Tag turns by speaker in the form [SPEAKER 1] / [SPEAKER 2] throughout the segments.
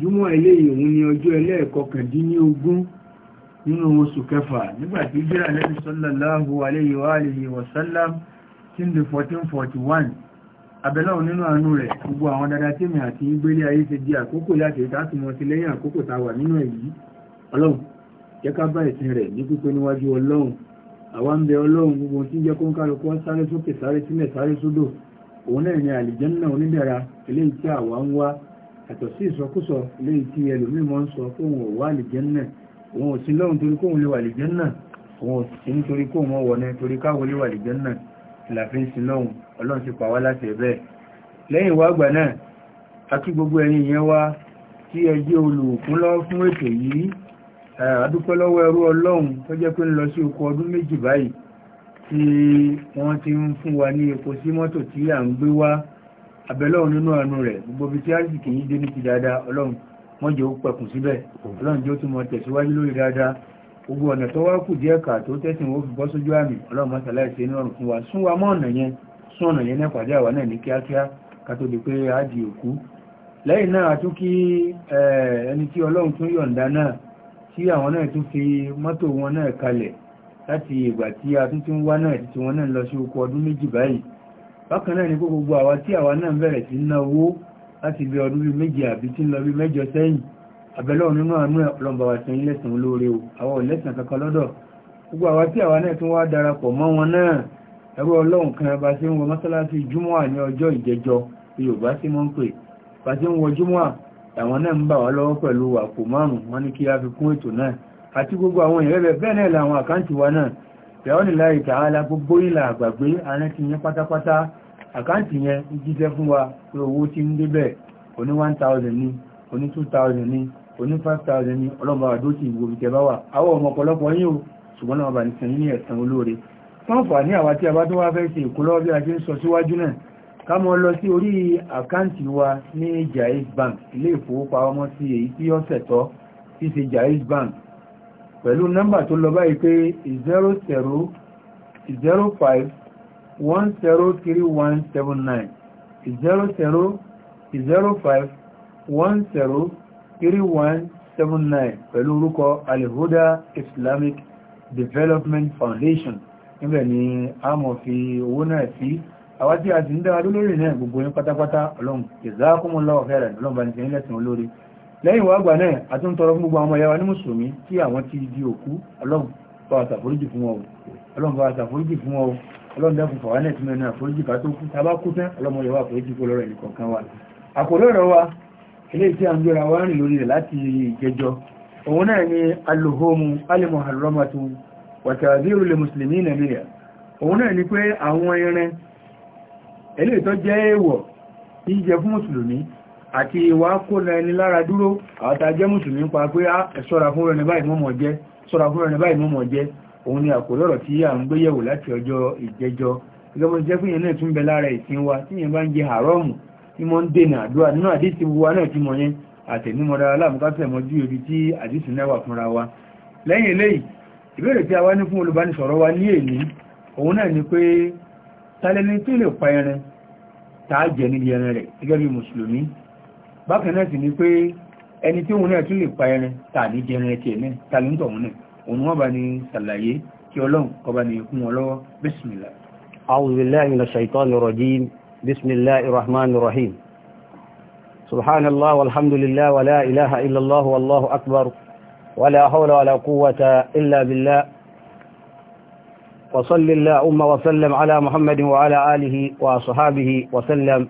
[SPEAKER 1] júmọ́ eléyìí òun ni ọjọ́ ẹlẹ́ẹ̀kọkàndínlógún nínú oṣù kẹfà nígbàtí jíra lẹ́bí sallallahu alayhi wa alihi wa sallam tí ń di 1441 abẹ́lọ́wọ̀ nínú àánú rẹ̀ gbogbo àwọn dada tí mi àti ìgbélé ayé ti di àkókò láti ìtàtùmọ̀ sí lẹ́yìn àkókò tá wà nínú èyí ọlọ́run jẹ́ ká bá ìsìn rẹ̀ ní pípé níwájú ọlọ́run àwa ń bẹ ọlọ́run gbogbo tí jẹ́ kó ń kálukú sáré sókè sáré sílẹ̀ sáré sódò òun náà ni àlìjẹ́nnà onídẹ̀ra eléyìí tí àwa ń wá yàtọ̀ sí ìsọkúsọ léyìí tí ẹlòmíì máa ń sọ pé òun ò wá àlìjẹ́nnà òun ò sí lọ́hùn torí kóun lè wà àlìjẹ́nnà òun ò sí nítorí kóun mọ́ wọ̀nẹ́ torí káwọn lè wà àlìjẹ́nnà ìlàfin sí lọ́hùn ọlọ́run ti pa wá láti ẹ̀bẹ́ lẹ́yìn wá àgbà náà a kí gbogbo ẹ̀yin yẹn wá tí ẹ jẹ́ olùkún lọ fún ètò yìí adúpẹ́ lọ́wọ́ ẹrú ọlọ́run tó jẹ́ pé ń lọ sí oko ọdún méjì báyìí tí wọ́n ti ń fún wa ní epo sí mọ́tò tí à ń gbé wá abẹ́lọ́run nínú àánú rẹ̀ gbogbo ibi tí áìsì kìí dé ní ti dáadáa ọlọ́run wọ́n jẹ́ ó pẹ̀kùn síbẹ̀ ọlọ́run jẹ́ ó tún mọ tẹ̀síwájú lórí dáadáa gbogbo ọ̀nà tó wá kù díẹ̀ kà tó tẹ́sìn ó fi bọ́ sójú àmì ọlọ́run mọ́sálá ìṣe ní fún wa sún wa mọ́ ọ̀nà yẹn sún ọ̀nà yẹn náà àwa náà ní kíákíá ká tó di pé a di òkú lẹ́yìn náà a tún kí ẹni tí ọlọ́run tún yọ̀ǹda náà tí àwọn náà tún fi mọ́tò wọn náà kalẹ̀ láti ìgbà tí a tún ti ń wá náà tí wọn náà lọ sí oko ọdún méjì báyìí bákan náà ni kó gbogbo àwa tí àwa náà bẹ̀rẹ̀ sí ná owó láti bí ọdún bí méje àbí tí ń lọ bí mẹ́jọ sẹ́yìn àbẹ́lọ́run nínú àánú ọlọ́mbà wa sẹ́yìn lẹ́sàn olóore o àwa ò lẹ́sàn kankan lọ́dọ̀ gbogbo àwa tí àwa náà tún wá darapọ̀ mọ́ wọn náà ẹgbẹ́ ọlọ́run kan bá ṣe ń wọ mọ́sálásí júmọ́à ní ọjọ́ ìjẹjọ yorùbá sí mọ́ ń pè bá ṣe ń wọ júmọ́à àwọn náà ń bà wá lọ́wọ́ pẹ̀lú àpò márùn-ún wọn ní kí a fi kún ètò náà àti gbogbo àwọn ìrẹ́bẹ̀ bẹ́ẹ̀ náà làwọn àkáǹtì wa náà bẹ̀ọ́lì láì tààlà gbogbo ìlà àgbàgbé àrántí yẹn pátápátá àkáǹtì yẹn jíjẹ́ fún wa pé owó tí ń débẹ̀ oní 1000 ní oní 2000 ní oní 5000 ní ọlọ́mọ àdó tí ìwò ìjẹ bá wà àwọn ọmọ ọ̀pọ̀lọpọ̀ yín o ṣùgbọ́n náà bá nìkan ní ẹ̀sán olóore wọ́n fà ní àwa tí a bá tó wá fẹ́ ṣe wa ní Jaiz Bank ilé ìfowópamọ́ sí èyí tí ó ṣẹ̀tọ́ Bank pẹ̀lú nọ́mbà tó lọ báyìí pé 00 05 103179 00 05 103179 pẹ̀lú orúkọ Al-Huda Islamic Development Foundation níbẹ̀ ni a mọ̀ fi owó náà sí àwọn tí a ti ń dára lórí náà gbogbo yín pátápátá ọlọ́run ìzákùnmọ́ lọ́wọ́ fẹ́rẹ̀ lọ́nà bá ní sẹ́yìn lẹ́sìn olórí lẹ́yìn wá gbà náà àti ń tọrọ fún gbogbo àwọn ẹyà wa ní mùsùlùmí tí àwọn ti di òkú ọlọ́run bá wa ṣàforíjì fún wọn o ọlọ́run bá wa ṣàforíjì fún wọn o ọlọ́run wa àkòrí ọ̀rọ̀ wa eléyìí tí a ń ni alùhómù alimuharramatu wàtàbíru lè mùsùlùmí nàìjíríà ni pé àwọn irin eléyìí tó jẹ́ èèwọ̀ jíjẹ àti ìwà kóna ẹni lára dúró àwọ́ta jẹ́ mùsùlùmí pa pé á ah, ṣọ́ra fún rẹ̀ níbà ìmọ́mọ̀ jẹ́ ṣọ́ra fún rẹ̀ níbà ìmọ́mọ̀ jẹ́ òun ni àkòrí ọ̀rọ̀ tí à ń gbé yẹ̀wò láti ọjọ́ ìjẹjọ́ ìjọba jẹ́ fún yẹn náà tún bẹ lára ìsìn wa tí yẹn bá ń jẹ àrọ́ọ̀mù tí mọ́ wa náà tí mọ yẹn àtẹ̀nímọ̀dá ni pé talẹ́ni tó lè pa ẹran tàá jẹ níbi ẹran rẹ̀ gẹ́gẹ́ bí mùsùlùmí bákan náà sì ni pé ẹni tí òun náà tún lè pa ẹran tà ní jẹrin ẹtì ẹ̀mẹ́ ta ló ń tọ̀ òun náà òun wọ́n bá ní ṣàlàyé kí ọlọ́run kó bá ní kún wọn lọ́wọ́ bísmìlá. أعوذ بالله
[SPEAKER 2] من الشيطان الرجيم بسم الله الرحمن الرحيم سبحان الله والحمد لله ولا إله إلا الله والله أكبر ولا حول ولا قوة إلا بالله وصل اللهم وسلم على محمد وعلى آله وصحابه وسلم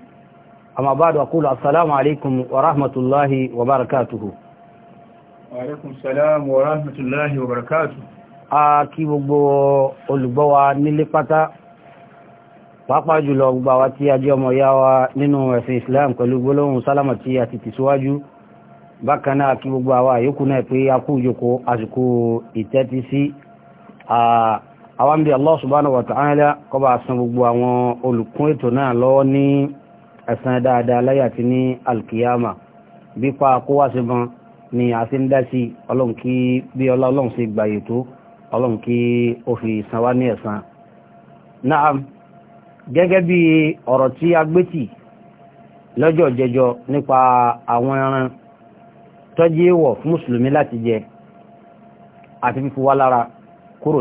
[SPEAKER 2] أما بعد أقول السلام عليكم ورحمة الله وبركاته
[SPEAKER 1] وعليكم السلام ورحمة الله وبركاته
[SPEAKER 2] Aki gbogbo olùgbọ́ wa nílé pátá, pàápàá jùlọ gbogbo àwa tí a jẹ́ ọmọ ìyá wa nínú ẹ̀sìn Islam pẹ̀lú gbólóhùn sálámà tí a ti tìsíwájú. Bákan náà kí gbogbo àwa àyókù náà pé a kú ìjòkó àsìkò ìtẹ́tí sí. Àwọn bí Allah subhanahu wa ta'ala kó bá san gbogbo àwọn olùkún ètò náà lọ́wọ́ ní ẹ̀san dáadáa láyé àti ní alkiyama bí pa kó sí mọ́ ni a ti ń dá sí ọlọ́run kí bí ọlọ́run gbàyè tó ọlọ́run kí ó ní náà gẹ́gẹ́ bí ọ̀rọ̀ tí a gbé jẹjọ nípa àwọn ẹran tọ́jú fún mùsùlùmí láti jẹ àti fífi wá lára kúrò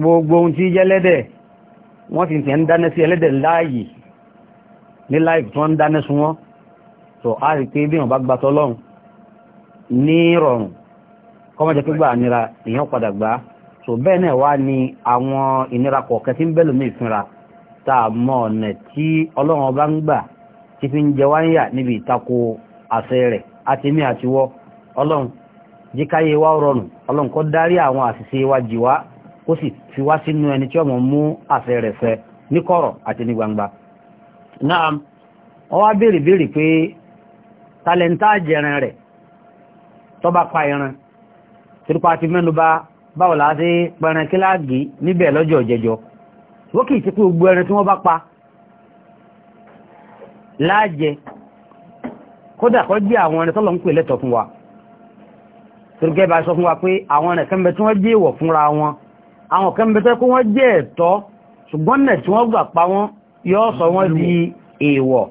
[SPEAKER 2] gbogbo ohun tí jẹ́lẹ́dẹ̀ wọ́n ti tẹ̀ ń dáná sí ẹlẹ́dẹ̀ láàyè ní láìpù tí ń dáná sí wọ́n tó a rí pé bí wọ́n bá gba tọ́lọ́run ní rọrùn nira èèyàn padà gbá tó bẹ́ẹ̀ náà wá ní àwọn ìnira kọ̀ọ̀kẹ́ tí ń lómi ìfinra ọba ń gbà tí fi ń jẹ wá ń yà níbi ìtako àṣẹ rẹ̀ àti mí àtiwọ́ ọlọ́run jíkáyé wa rọrùn wa jì kó sì fi wá sínú ẹni tí ọmọ mú àfẹ́ rẹ̀ fẹ́ ní kọ̀rọ̀ àti ní gbangba náà wọ́n wá béèrè béèrè pé talenta jẹran rẹ̀ tó bá pa ẹran tìrúpa ti mẹ́nubà báwo la ṣe pẹran kíláàgì níbẹ̀ lọ́jọ́ jẹjọ wọ́n kì í ti pé gbogbo ẹran tí wọ́n bá pa láàjẹ kódà kọ́ jẹ́ àwọn ẹran tọ́lọ́ ń pè lẹ́tọ̀ fún wa tìrúkẹ́ bá sọ fún wa pé àwọn ẹran kẹ́mbẹ́ tí wọ́n jẹ́ ìwọ̀ fúnra wọn àwọn kan bẹ́tẹ́ kó wọ́n jẹ́ ẹ̀tọ́ ṣùgbọ́n nẹ̀ tí wọ́n gbà pa wọ́n yóò sọ wọ́n di èèwọ̀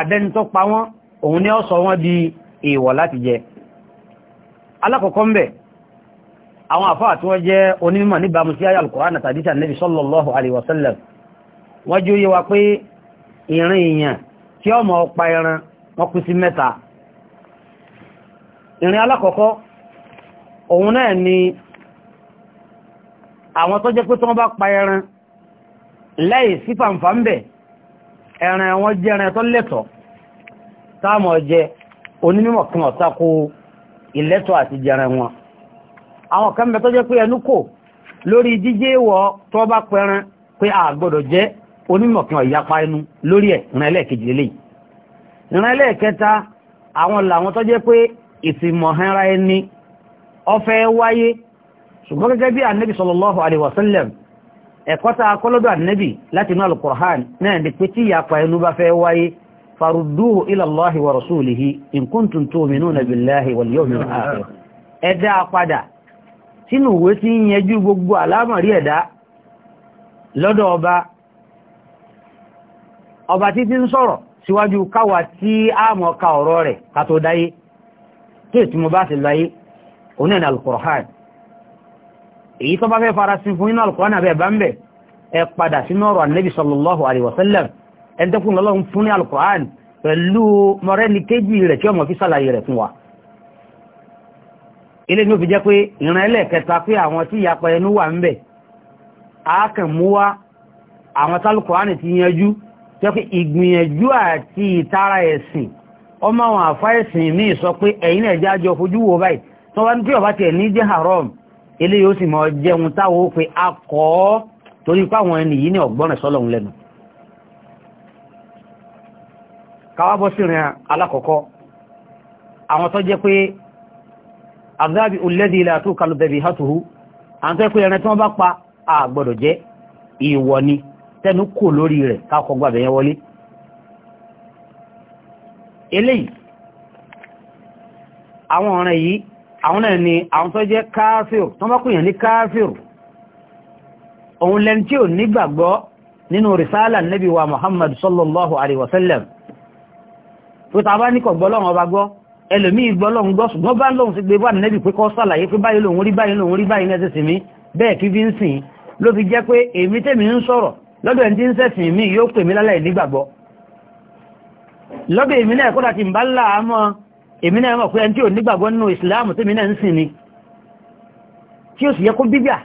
[SPEAKER 2] àdẹ́nitọ́ pa wọ́n òun ni ó sọ wọ́n di èèwọ̀ láti jẹ alákọ̀ọ́kọ́ ń bẹ̀ àwọn àfáà tí wọ́n jẹ́ onímọ̀ níbàámu sí ayé sallallahu alaihi wasallam wọ́n jí ó yé wa pé ìrìn èèyàn tí ọmọ ọpa ẹran ni àwọn tó jẹ́ pé tí wọ́n bá pa ẹran láì sí fàǹfà ń bẹ̀ ẹran wọn jẹ́ ẹran tó lẹ́tọ̀ táàmọ̀ jẹ onímọ̀ kan ọ̀tako ìlẹ́tọ̀ àti jẹran wọn àwọn kan bẹ tó jẹ́ pé ẹnu kò lórí jíjẹ́ ìwọ̀ tó bá pẹran pé a gbọ́dọ̀ jẹ́ onímọ̀ kan ìyapa ẹnu lórí ẹ̀ ìran ẹlẹ́ẹ̀kẹta àwọn làwọn tó jẹ́ pé ìfìmọ̀ ẹran ẹni ó wáyé ṣùgbọ́n gẹ́gẹ́ bí annabi sallallahu alaihi wasallam ẹ̀kọ́ ta kọ́lọ́dọ̀ annabi láti inú al-Qur'an náà di pé tí ìyapa ẹnu bá fẹ́ wáyé farudduhu ila Allahi wa rasulihi in kuntum tu'minuna billahi wal yawmil akhir ẹ dá padà sínú ìwé tí ń yẹjú gbogbo àlámọ̀rí ẹ̀dá lọ́dọ̀ ọba ọba títí ń sọ̀rọ̀ síwájú káwà tí a mọ̀ ka ọ̀rọ̀ rẹ̀ ká tó dáyé tí ètùmọ̀ bá ti láyé onílẹ̀ al èyí tó bá fẹ́ farasin fún iná alkùnrin àbẹ́ bá ń bẹ̀ ẹ padà sínú ọ̀rọ̀ annabi sallallahu alaihi wasallam ẹni tó fún ọlọ́run fún ní alkùnrin pẹ̀lú mọ̀rẹ́ni kéjì rẹ̀ tí ọmọ fi sàlàyé rẹ̀ fún wa ilé ní ó fi jẹ́ pé ìran ẹlẹ́ẹ̀kẹta pé àwọn tí ìyapa ẹnu wà ń bẹ̀ ákàn mú wá àwọn tálùkùnrin ti yanjú jẹ́ pé ìgbìyànjú àti ìtara ẹ̀sìn ọmọ àwọn àfáẹ̀sìn míì sọ pé ẹ̀yin ẹ̀já jọ fojú wo báyìí tí wọ́n bá ní tí ọba tiẹ̀ ní jẹ́ haram eléyìí ó sì mọ jẹun táwọn ó pe akọ torí páwọn ẹni yìí ní ọgbọ́n sọ́lọ́hun lẹ́nu káwábọ́ sí rìn alákọ̀ọ́kọ́ àwọn tó jẹ́ pé azábi olẹ́dí ilẹ̀ àtúkà ló bẹ̀bí hátùhù àwọn tó pé ẹran tí wọ́n bá pa àgbọ̀dọ̀ jẹ́ ìwọ̀ ni tẹnu kò lórí rẹ̀ káàkọ́ gbàbẹ̀ yẹn wọlé eléyìí àwọn ọ̀ràn yìí àwọn náà ni àwọn tó jẹ́ káfíù tó bá kúyàn ní káfíù òun lẹ́n tí ò nígbàgbọ́ nínú risala nabi wa muhammad sallallahu alaihi wasallam tó tàbá ní kọ̀ gbọ́lọ́wọ́ bá gbọ́ ẹlòmí gbọ́lọ́wọ́ gbọ́ ṣùgbọ́n bá lóhun sí gbé bá nẹ́bì pé kọ́ sàlàyé pé báyìí lòun rí báyìí lòun rí báyìí nẹ́sẹ̀ sí mi bẹ́ẹ̀ kí èmi náà mọ̀ pé ẹni tí ò nígbàgbọ́ nínú ìsìláàmù tí mi náà ń sìn ni tí ó sì yẹ kó bíbíà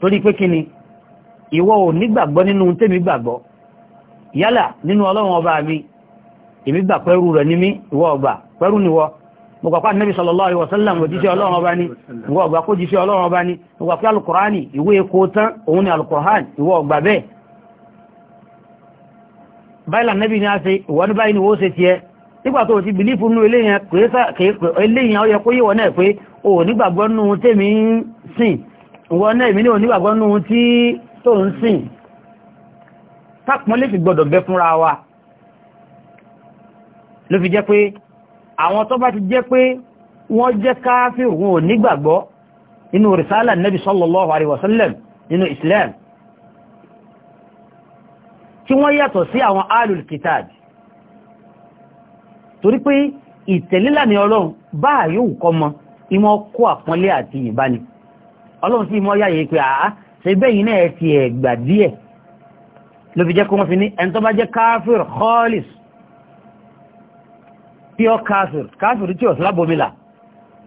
[SPEAKER 2] torí pé kí ni ìwọ ò nígbàgbọ́ nínú tèmi gbàgbọ́ yálà nínú ọlọ́run ọba mi èmi gbà pẹ́rù rẹ̀ ní mí ìwọ ọgbà pẹ́rù níwọ mo gbà pé Ànábì sallallahu alaihi wasallam òjíṣẹ́ ọlọ́run ọba ni ìwọ ọgbà wọ́n ṣe nígbà tó ti bìlífù nú eléyìn ọyẹ kó yíwọ náà pé o nígbàgbọ́ nú tèmi ń sìn wọ́n náà èmi ní o nígbàgbọ́ nú tí tó ń sìn tápọ́nlé fi gbọ́dọ̀ bẹ fúnra wa ló fi jẹ́ pé àwọn tó bá ti jẹ́ pé wọ́n jẹ́ káfíù wọn ò nígbàgbọ́ inú rìsálà nẹ́bí sallallahu torí pé ìtẹ̀lélànà ọlọ́run bá yóò kọ́ mọ ìmọ̀ kó àpọ́nlé àti ìyìnbá ni ọlọ́run sí ìmọ̀ yáyé pé àá ṣe bẹ́yìn náà ẹ ti ẹ̀gbà díẹ̀ ló fi jẹ́ kó wọ́n fi ní ẹni tó bá jẹ́ káfíìr khalis pure káfíìr káfíìr tí ọ̀sán lábòmílà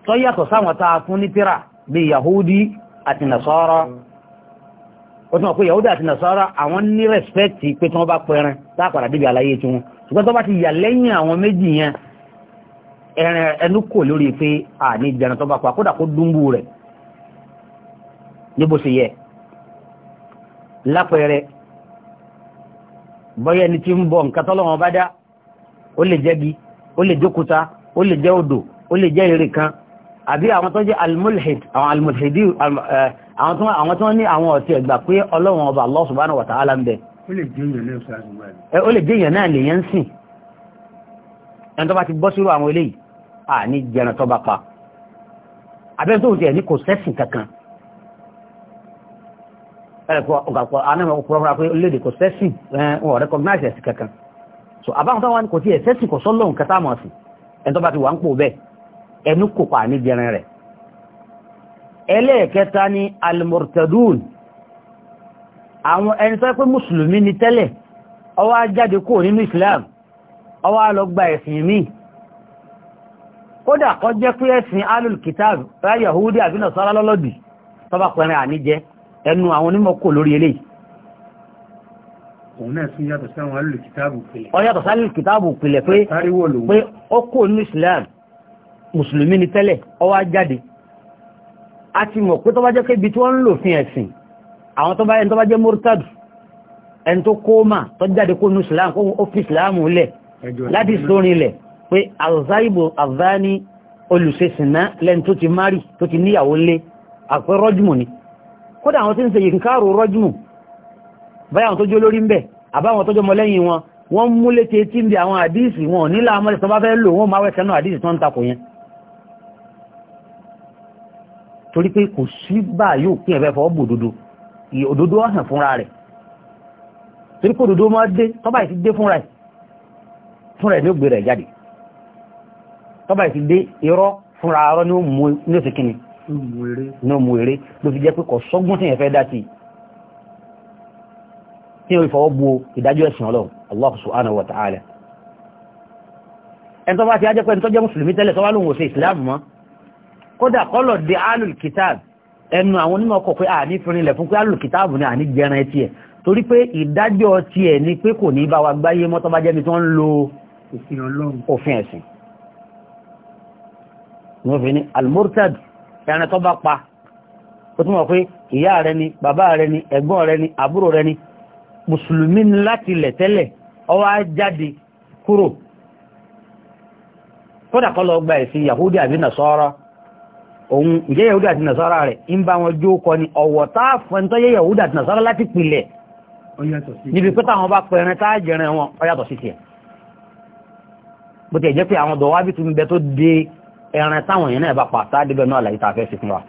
[SPEAKER 2] tó yàtọ̀ sáwọn tá a fún ní tíra bí yahudi àti nasara ó tún wọ́n pé yahudi àti nasara àwọn ní rẹ̀spẹ̀tì pé tí wọ́n bá pẹran láàpàdà débi àlàyé tí wọ́n ṣùgbọ́n tó bá ti yà lẹ́yìn àwọn méjì yẹn ẹran ẹnu kò lórí pé à ní jẹran tó bá pa kódà kó dúnbù rẹ̀ níbo sì yẹ lápẹẹrẹ bọ́yá ẹni tí ń bọ nǹkan tọ́lọ́wọ́n bá dá ó lè jẹ́ ó lè jókúta ó lè jẹ́ odò ó lè jẹ́ eré kan àbí àwọn tó jẹ́ almulhid àwọn almulhidi eh, àwọn tó ní àwọn ọ̀tí ẹ̀gbà pé ọlọ́wọ́n ọba Allah subhanahu wa ta'ala ń bẹ ó lè jẹ́ èèyàn náà lèyàn sìn ẹni tó bá ti bọ́ sírò àwọn eléyìí à ní jẹran tó bá pa abẹ́rẹ́ tó ń tẹ̀ ní kò sẹ́sìn kankan ẹ̀rẹ̀kọ́ ọ̀gàpọ̀ anáwọ̀ púrọ́pùrọ́ pé orílẹ̀-èdè kò sẹ́sìn wọn recognize ẹ̀sìn kankan so àbáwọn tó wá ní kò tí ẹ̀sẹ́sìn kò sọ́lọ́hùn kẹta mọ̀ sí àwọn ẹni tó pé Musulmi ni tẹ́lẹ̀ ó wá jáde kúrò nínú islam ó wá lọ gba ẹ̀sìn míì kódà kọ́ jẹ́ pé ẹ̀sìn alùkìtàbù rá yahudi àbí nàṣàrà lọ́lọ́dì tọ́bà pẹ̀rin àníjẹ ẹnu àwọn onímọ̀ kò lórí eléyìí òun náà tún yàtọ̀ sáwọn alùkìtàbù pìlẹ̀ ni tẹ́lẹ̀ ó wá jáde a ti mọ̀ pé tọ́bà jẹ́ tí wọ́n ń lò fún ẹ̀sìn àwọn tó bá ẹni tó bá jẹ́ murtad ẹni tó kó mà tó jáde kó nu islam kó ó fi islam lẹ̀ láti sórin lẹ̀ pé alzaibu azani olùsesìnà lẹ́ni tó ti mari tó ti níyàwó lé àpẹ rọ́jùmù ni kódà àwọn tí ń ṣe ìkàrò rọ́jùmù báyàwọn tó jó lórí ń bẹ̀ àbáwọn tó jọmọ lẹ́yìn wọn wọ́n mú létí tí ń bí àwọn àdíìsì wọn nílà amọ́lẹ̀ tó bá fẹ́ lò wọ́n máa wẹ́ tẹ́nà àdíìsì tó ń takò yẹn torí pé kò sí bá yóò pín ẹ̀fẹ́ fọ́ bòdodo òdodo ọ̀hàn fúnra rẹ̀ torí kó òdodo máa dé tọ́ba yìí ti dé fúnra ẹ̀ fúnra ẹ̀ ló gbé rẹ̀ jáde tọ́ba yìí ti dé irọ́ fúnra arọ́ ní ó sì kíni ní ó mú eré ló fi jẹ́ pé kò sọ́gbọ́n tí yẹn fẹ́ dá sí tí yẹn fọwọ́ bu ìdájọ́ ẹ̀sìn ọlọ́run Allah subhanahu wa ẹnu àwọn onímọ̀ ọkọ̀ pé a ní fi rinlẹ̀ fún pé alùkìtàbù ni a ní jẹran ẹtì ẹ̀ torí pé ìdájọ́ ti ẹ̀ ni pé kò ní bá wa gbáyé mọ́tọ́ bá jẹ́ni tó ń lo òfin ẹ̀sìn wọ́n fi ní almurtad ẹran tó bá pa ó túnmọ̀ pé ìyá rẹ ni bàbá rẹ ni ẹ̀gbọ́n rẹ ni àbúrò rẹ ni mùsùlùmí ni láti ilẹ̀ tẹ́lẹ̀ ó jáde kúrò kódà kọ́ lọ gba ẹ̀sìn yahudi àbí nasọ́rọ́ òun ìjẹ́ yahuda àti nasara rẹ̀ ń bá wọn jó kọ ni ọ̀wọ̀ táà fẹ́ntọ́ yẹ yahuda àti nasara láti pìlẹ̀ níbi pẹ́ta wọn bá pẹ̀rẹ̀ táà jẹrin wọn ó yàtọ̀ sí tiẹ̀ bó ti ẹ̀jẹ́ pé àwọn dọ̀wá bí tún bẹ tó de ẹran táwọn yẹn náà bá pa táà débẹ̀ náà làyíta fẹ́ sí fún wa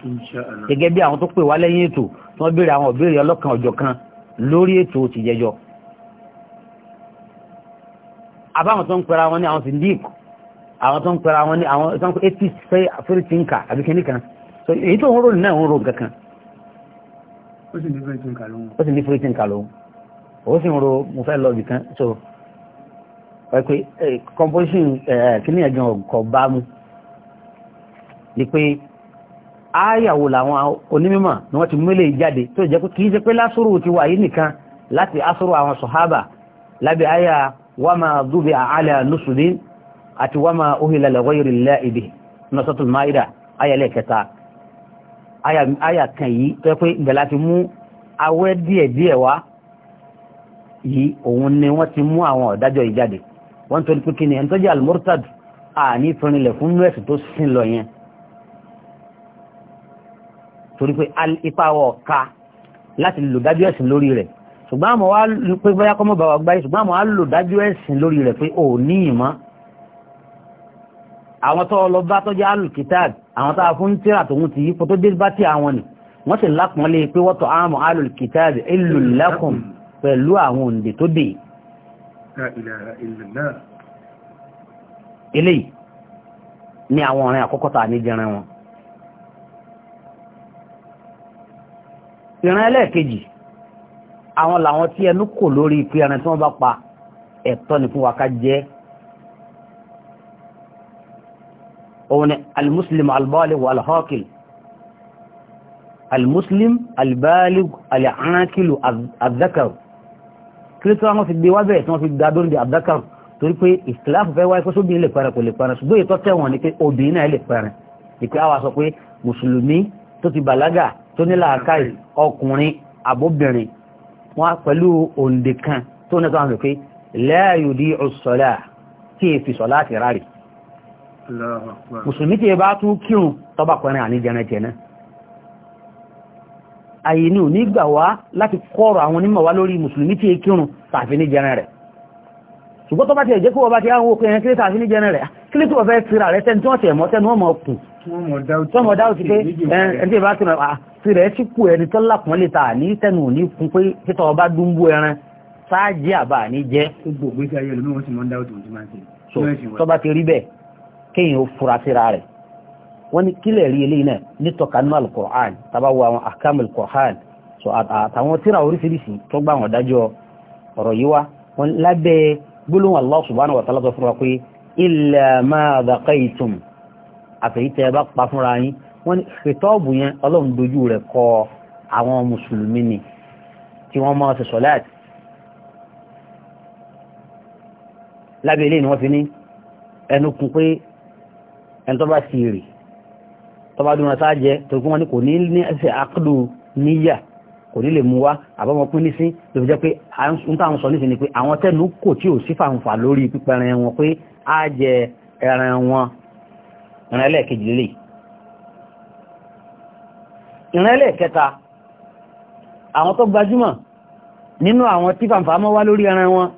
[SPEAKER 2] gẹ́gẹ́ bí àwọn tó pè wá lẹ́yìn ètò tí wọ́n béèrè àwọn òbéèrè ọlọ́kan ọjọ́ kan lórí ètò ti jẹjọ àwọn tó ń pẹ̀rọ àwọn ní àwọn tó ń pẹ̀rọ atheist fẹ́ free thinker àbí so èyí tó ń rò náà ń rò kankan
[SPEAKER 1] ó sì ní free thinker lóhun
[SPEAKER 2] ó sì ní free thinker lóhun mo fẹ́ lọ ibìkan so ẹ composition kìíní ẹ̀gbọ́n ọ̀kọ̀ bá mu ni pé áyàwó làwọn onímọ̀ ni wọ́n ti múlẹ̀ ìjáde tó jẹ́ pé kìí ṣe pé lásòrò ti wà yìí nìkan láti asòrò àwọn sọ̀hábà lábẹ́ áyà wàmà dúbẹ̀ àlẹ́ nùsùlùmí àti wá máa uhila li ghayri llahi bihi ní suratul Maida ayẹlẹ̀ kẹta ayà kan yìí tó yẹ pé ibẹ̀ láti mú awẹ́ díẹ̀díẹ̀ wá yìí òun ni wọ́n ti mú àwọn ọ̀dájọ́ yìí jáde wọ́n tó ní pé kíni ẹni tó jẹ́ al-murtad àní fẹ́rinlẹ̀ fún nọ́ẹ̀sì tó sin lọ yẹn torí pé ipa wọ̀ ká láti lò dájú ẹ̀sìn lórí rẹ̀ ṣùgbọ́n àmọ́ wá pé bóyá kọ́mọ́ bá wa gbáyé ṣùgbọ́n àmọ́ wá lò dájú ẹ̀sìn lórí rẹ̀ pé ò ní ìmọ̀ àwọn tó lọ bá tọ́jú alùkítàd àwọn tó fún tíra tòun ti yípo tó dé bá tí àwọn ni wọ́n sì lápọ̀nlé pé wọ́tọ̀ àmọ̀ alùkítàd ìlú lẹ́kùn pẹ̀lú àwọn òǹdè tó dé eléyìí ni àwọn ọ̀rìn àkọ́kọ́ tà ní jẹran wọn ìran ẹlẹ́ẹ̀kejì àwọn làwọn tí ẹnu kò lórí pé ẹran tí wọ́n bá pa ẹ̀tọ́ ni fún wa ká jẹ́ òun ni almuslim albalig alhaqil almuslim albalig alhaqil azakar kí tí wọ́n fi gbé wábẹ̀ tí wọ́n fi gbá dórí azakar torí pé ìsìláàfù fẹ́ wáyé kóso obìnrin lè pẹ̀rẹ̀ kò lè pẹ̀rẹ̀ ṣùgbọ́n ètò tẹ̀wọ̀n ni pé obìnrin náà lè pẹ̀rẹ̀ ìpé àwa sọ pé mùsùlùmí tó ti bàlágà tó ní làákàyè ọkùnrin àbóbìnrin wọn pẹ̀lú òǹdè kan tó ní sọ́wọ́n pé la yudi'u as-salah kí èsì sọ̀lá àti mùsùlùmí tí bá tún kírun tọ́bà pẹ̀rin àníjẹrẹ jẹ̀nà àyè ni ò ní gbà wá láti kọ́rọ̀ àwọn onímọ̀ wá lórí mùsùlùmí tí kírun tàfi ní jẹrẹ rẹ̀ ṣùgbọ́n tọ́bà ti ẹ̀jẹ́ kó wọ́n ti àwọn òkè ẹ̀yẹn kí tàfi ní jẹrẹ rẹ̀ kí lè tí wọ́n fẹ́ fira rẹ̀ tẹ́ni tí wọ́n ti ẹ̀mọ́ tẹ́ni wọ́n mọ̀ kù tọ́mọ̀ dáwọ́ ti pé ẹni tí bá ti ti rí bẹ́ẹ̀ kéèyàn ó fura síra rẹ̀ wọ́n ní kílẹ̀ rí eléyìí náà nítọ́ka nínú alukur'an tabawo àwọn akamu alukur'an so àtàwọn tíra oríṣiríṣi tó gbà wọn dájọ́ ọ̀rọ̀ yìí wá wọn lábẹ́ gbólóhùn allah subhanahu wa ta'ala sọ fún wa pé illa ma dhaqaytum àfẹ́yí tẹ́ ẹ bá pa fúnra yín wọ́n ní fìtọ́ọ̀bù yẹn ọlọ́run dojú pé ẹni tó bá sì rì tó bá dúnra sáà jẹ torí kí wọ́n ní kò ní ní ẹsẹ̀ àkúdù níyà kò ní lè mú wá àbọ́mọpín nísín ló fi jẹ́ pé ń tà ń sọ nísìn ni pé àwọn tẹ́nu kò tí ò sí fàǹfà lórí pípẹ́rẹ́ wọn pé á jẹ ẹran wọn ìran ẹlẹ́ẹ̀kejì lélẹ̀ ìran ẹlẹ́ẹ̀kẹta àwọn tó gbajúmọ̀ nínú àwọn tí fàǹfà mọ́ wá lórí ẹran wọn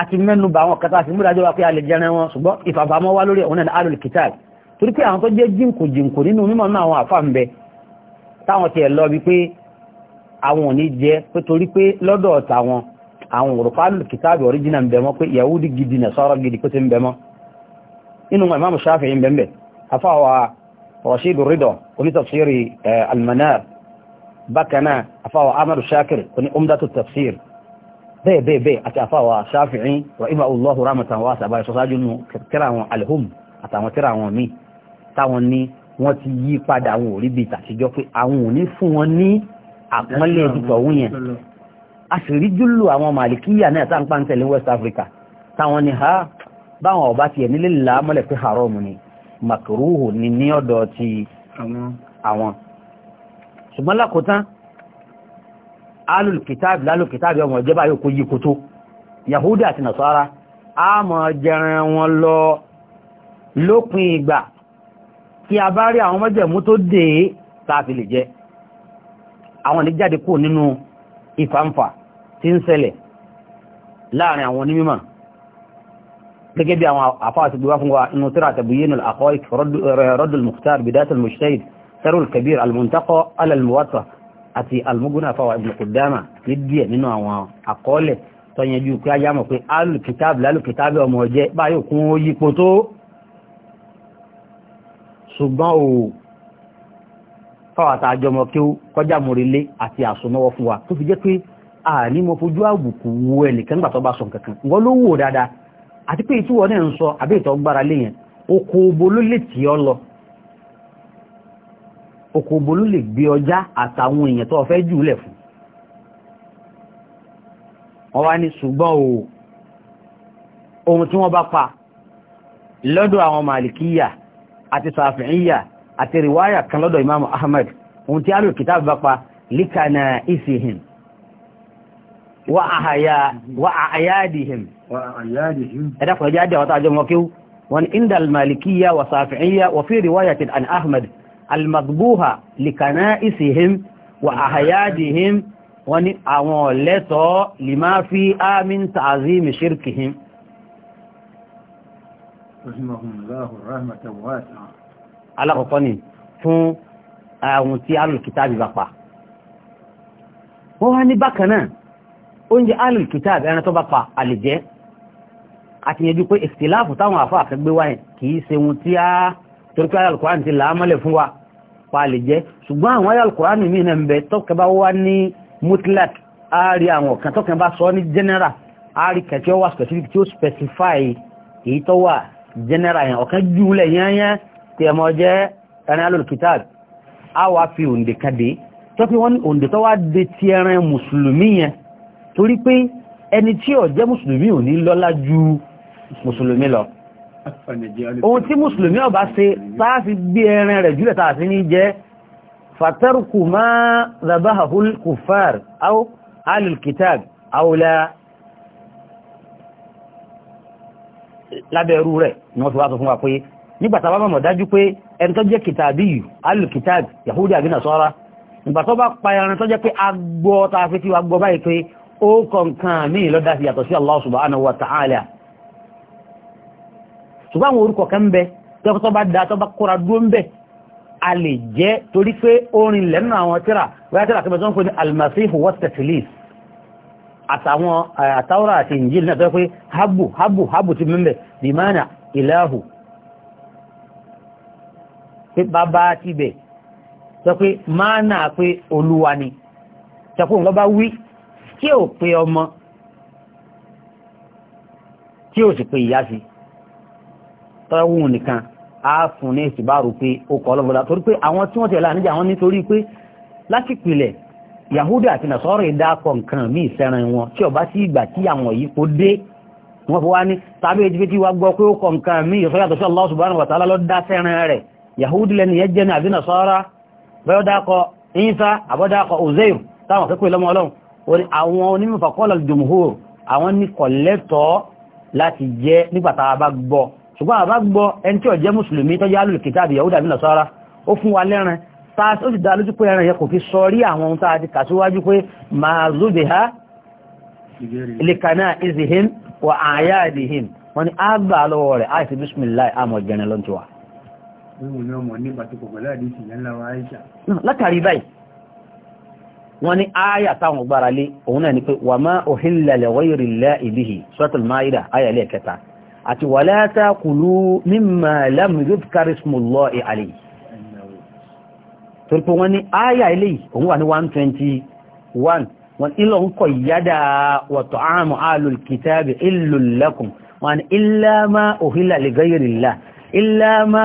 [SPEAKER 2] àti mẹ́nu bá wọn kàtà sí múdájọ́ wá pé a lè jẹran wọn ṣùgbọ́n ìfàfàmọ́ wá lórí ọ̀nà alul kitab torí pé àwọn tó jẹ́ jínkù jínkù nínú mímọ̀ náà àwọn àfà ń bẹ táwọn ti ẹ̀ lọ bí pé àwọn ò ní jẹ pé torí pé lọ́dọ̀ tàwọn àwọn òrùpá alul kitab original ń bẹ mọ́ pé yahudi gidi nà sọ́rọ̀ gidi kó ti ń bẹ mọ́ inú wọn imáàmù Shafi'i bẹ bẹ́ẹ̀ bẹ́ẹ̀ bẹ́ẹ̀ àti àfáwà Shafi'i rahimahullahu rahmatan wa sàbáyé sọ́sájú nù tíra wọn alhum àtàwọn tíra wọn míì táwọn ní wọ́n ti yí padà àwọn òrí bíi tàṣíjọ́ pé àwọn ò ní fún wọn ní àpọ́nlé ẹ̀dùtọ̀ òun yẹn a sì rí júlù àwọn màlìkíyà náà tá n pa ń tẹ̀lé West Africa táwọn ní ha báwọn ọba tiẹ̀ nílé là mọ́lẹ̀ pé haram ni makruhu ni ní ọ̀dọ̀ ti àwọn ṣùgbọ́n lákòótán alùkìtàbì lálùkìtàbì ọmọ ìjẹba yóò kó yíkó tó yahudi àti nasara a mọ̀ jẹran wọn lọ lópin ìgbà tí a bá rí àwọn mọ́jẹ̀mú tó dé tààfi lè jẹ àwọn lè jáde kúrò nínú ìfàǹfà tí ń ṣẹlẹ̀ láàrin àwọn onímọ̀ gẹ́gẹ́ bí àwọn àfáà ti gbíwá fún wa inú tíra tabyinul nù àkọ́ ìkọ̀rọ̀dùl mukhtar bidatul kabir al-muntaqa àti almuguna fáwọn ibn Qudama ní díẹ̀ nínú àwọn àkọọ́lẹ̀ tó yẹnjú pé a yámọ̀ pé alùkítàbì alùkítàbì ọmọ ọjẹ́ báyìí kún ó yípo tó ṣùgbọ́n ò fáwàtà àjọmọ̀ kí ó kọjá múrilé àti àsomọ́wọ́ fún wa tó fi jẹ́ pé a ní mo fojú àbùkù wo ẹnìkan gbà tó bá sọ kankan wọ́n ló wò dáadáa àti pé ìtúwọ́ náà ń sọ àbí ìtọ́ gbára léyìn okòóbo ló lè tì ọ́ lọ òkòbólú lè gbé ọjà àtàwọn èèyàn tó fẹ́ jù lẹ̀ fún wọ́n wá ní ṣùgbọ́n o ohun tí wọ́n bá pa lọ́dọ̀ àwọn malikiya àti sàfihìyà àti riwaya kan lọ́dọ̀ imamu ahmad ohun tí alò kìtà bá pa líkànà ìsìhìn wa àyádìhìn ẹ̀dàkùnrin jáde àwọn tàjọ mọ́kíw wọn indal malikiya wa sàfihìyà wa fi riwayatin an ahmad almagbuha likana isihim wa ahayadihim wọ́n ní àwọn ọ̀lẹ́tọ̀ lima fi amin ta'azim shirkihim alákọ̀ọ́kọ́ ni fún àwọn tí alùkítàbí bá pa wọ́n wá ní bákanáà oúnjẹ alùkítàbí ẹran tó bá pa àlèjẹ́ àti yẹjú pé ìsìláàfù táwọn àfáà fẹ́ gbé wáyẹ̀ kìí ṣe ohun tí a torí pé alukurani ti làámọ́lẹ̀ fún wa pa lè jẹ́ ṣùgbọ́n àwọn alukurani mi náà ń bẹ tọ́kẹ́ bá wá ní mutlak àárí àwọn kan tọ́kẹ́ bá sọ ní general àárí kan tí ó wà specific tí ó specify èyí tó wà general yẹn ọ̀kan júlẹ̀ yányán tí ẹ mọ jẹ́ ẹran alùkítàb á wá fi òǹdè kan dé tọ́kẹ́ wọ́n ní òǹdè tó wá de ti ẹran mùsùlùmí yẹn torí pé ẹni tí ó jẹ́ mùsùlùmí ò ní lọ́lá ju mùsùlùmí lọ ohun tí mùsùlùmí ọba ṣe sáàfi gbé ẹran rẹ̀ jùlẹ̀ tààfi ní jẹ́ fàtàrùkù má zabahul kufar aw alìkìtàg àwòlá lábẹ̀rú rẹ̀ ni wọ́n fi wá sọ fún wa pé nígbàtà bá mọ̀ dájú pé ẹni tó jẹ́ kìtàbí alìkìtàg yahudi àbí nasara ìgbà tó bá pa ẹran tó jẹ́ pé agbọ́ tààfi tí wà gbọ́ báyìí pé ó kọ̀ǹkan míì lọ́dá sí yàtọ̀ sí Allah subhanahu wa ta'ala ṣùgbọ́n àwọn orúkọ kan bẹ tọ́kọ́tọ́ bá da tọ́ bá kóra dúró ń bẹ̀ a lè jẹ́ torí pé orin lẹ́nu àwọn tíra wáyé tíra kẹfẹ́ tó ń pè ní almasihu wastafilis àtàwọn àtàwọ̀rà eh, àti injil náà tọ́ pé habu habu habu ti mẹ́mbẹ̀ bimana ilahu pé bàbá ti bẹ̀ tọ́ pé mana pé olúwa ni tọ́kùn lọ́ba wí tí ò pé ọmọ tí ò sì pé ìyá sí tọ́wọ́ nìkan á fún ní ìsìbáàrù pé ó kọ́ ọlọ́bọ̀dá torí pé àwọn tí wọ́n ti ẹ̀lá níjà wọn nítorí pé lásìpìlẹ̀ Yahudi àti nàṣọ́rọ̀ ìdákọ̀ nǹkan míì sẹ́ran wọn tí ọba sí ìgbà tí àwọn yìí kò dé wọ́n fi wá ní tàbí ètí fi wá gbọ́ pé ó kọ nǹkan míì yóò sọ́yàtọ̀ sí Allah subhanahu wa ta'ala ló dá sẹ́ran rẹ̀ Yahudi lẹ́nu yẹn jẹ́ ní àbí nàṣọ́rọ̀ bẹ́ọ̀dákọ̀ Isa àbọ́dákọ̀ Uzair táwọn akẹ́kọ̀ọ́ ìlọ́mọ ọlọ́run àwọn onímọ̀fàkọ́lọ̀ jùmùhùr àwọn ní kọ̀lẹ́tọ̀ láti jẹ́ nígbà tá a ṣùgbọ́n àbá gbọ́ ẹni tí ó jẹ́ mùsùlùmí tó yá lùlù kìtàbí yahoo dàbí nàṣọ́ra ó fún wa lẹ́ran tààtì ó sì dá lójú pé ẹran yẹn kò fi sọ rí àwọn ohun tààtì kàṣíwájú pé máa zóbe ha lìkànà ìzìhìn wà àyà ìdìhìn wọ́n ni a gbà lọ́wọ́ rẹ̀ àìsí bismillah àmọ̀ jẹrin wọ́n ní àyà táwọn gbára lé òun náà ni pé wàmá òhìnlẹ̀ lẹ́wọ́ ìrìnlẹ̀ ìbíhì suratul maida àyà ilé ẹ̀kẹta àti wala taqulu mimma lam yudhkar ismullahi alayhi torípé wọ́n ní áyà ilé òun wà ní 121 wọ́n ilọ̀ ń kọ ìyádà wa ta'amu ahlul kitabi illul lakum wọ́n illa ma uhilla li ghayrillah illa ma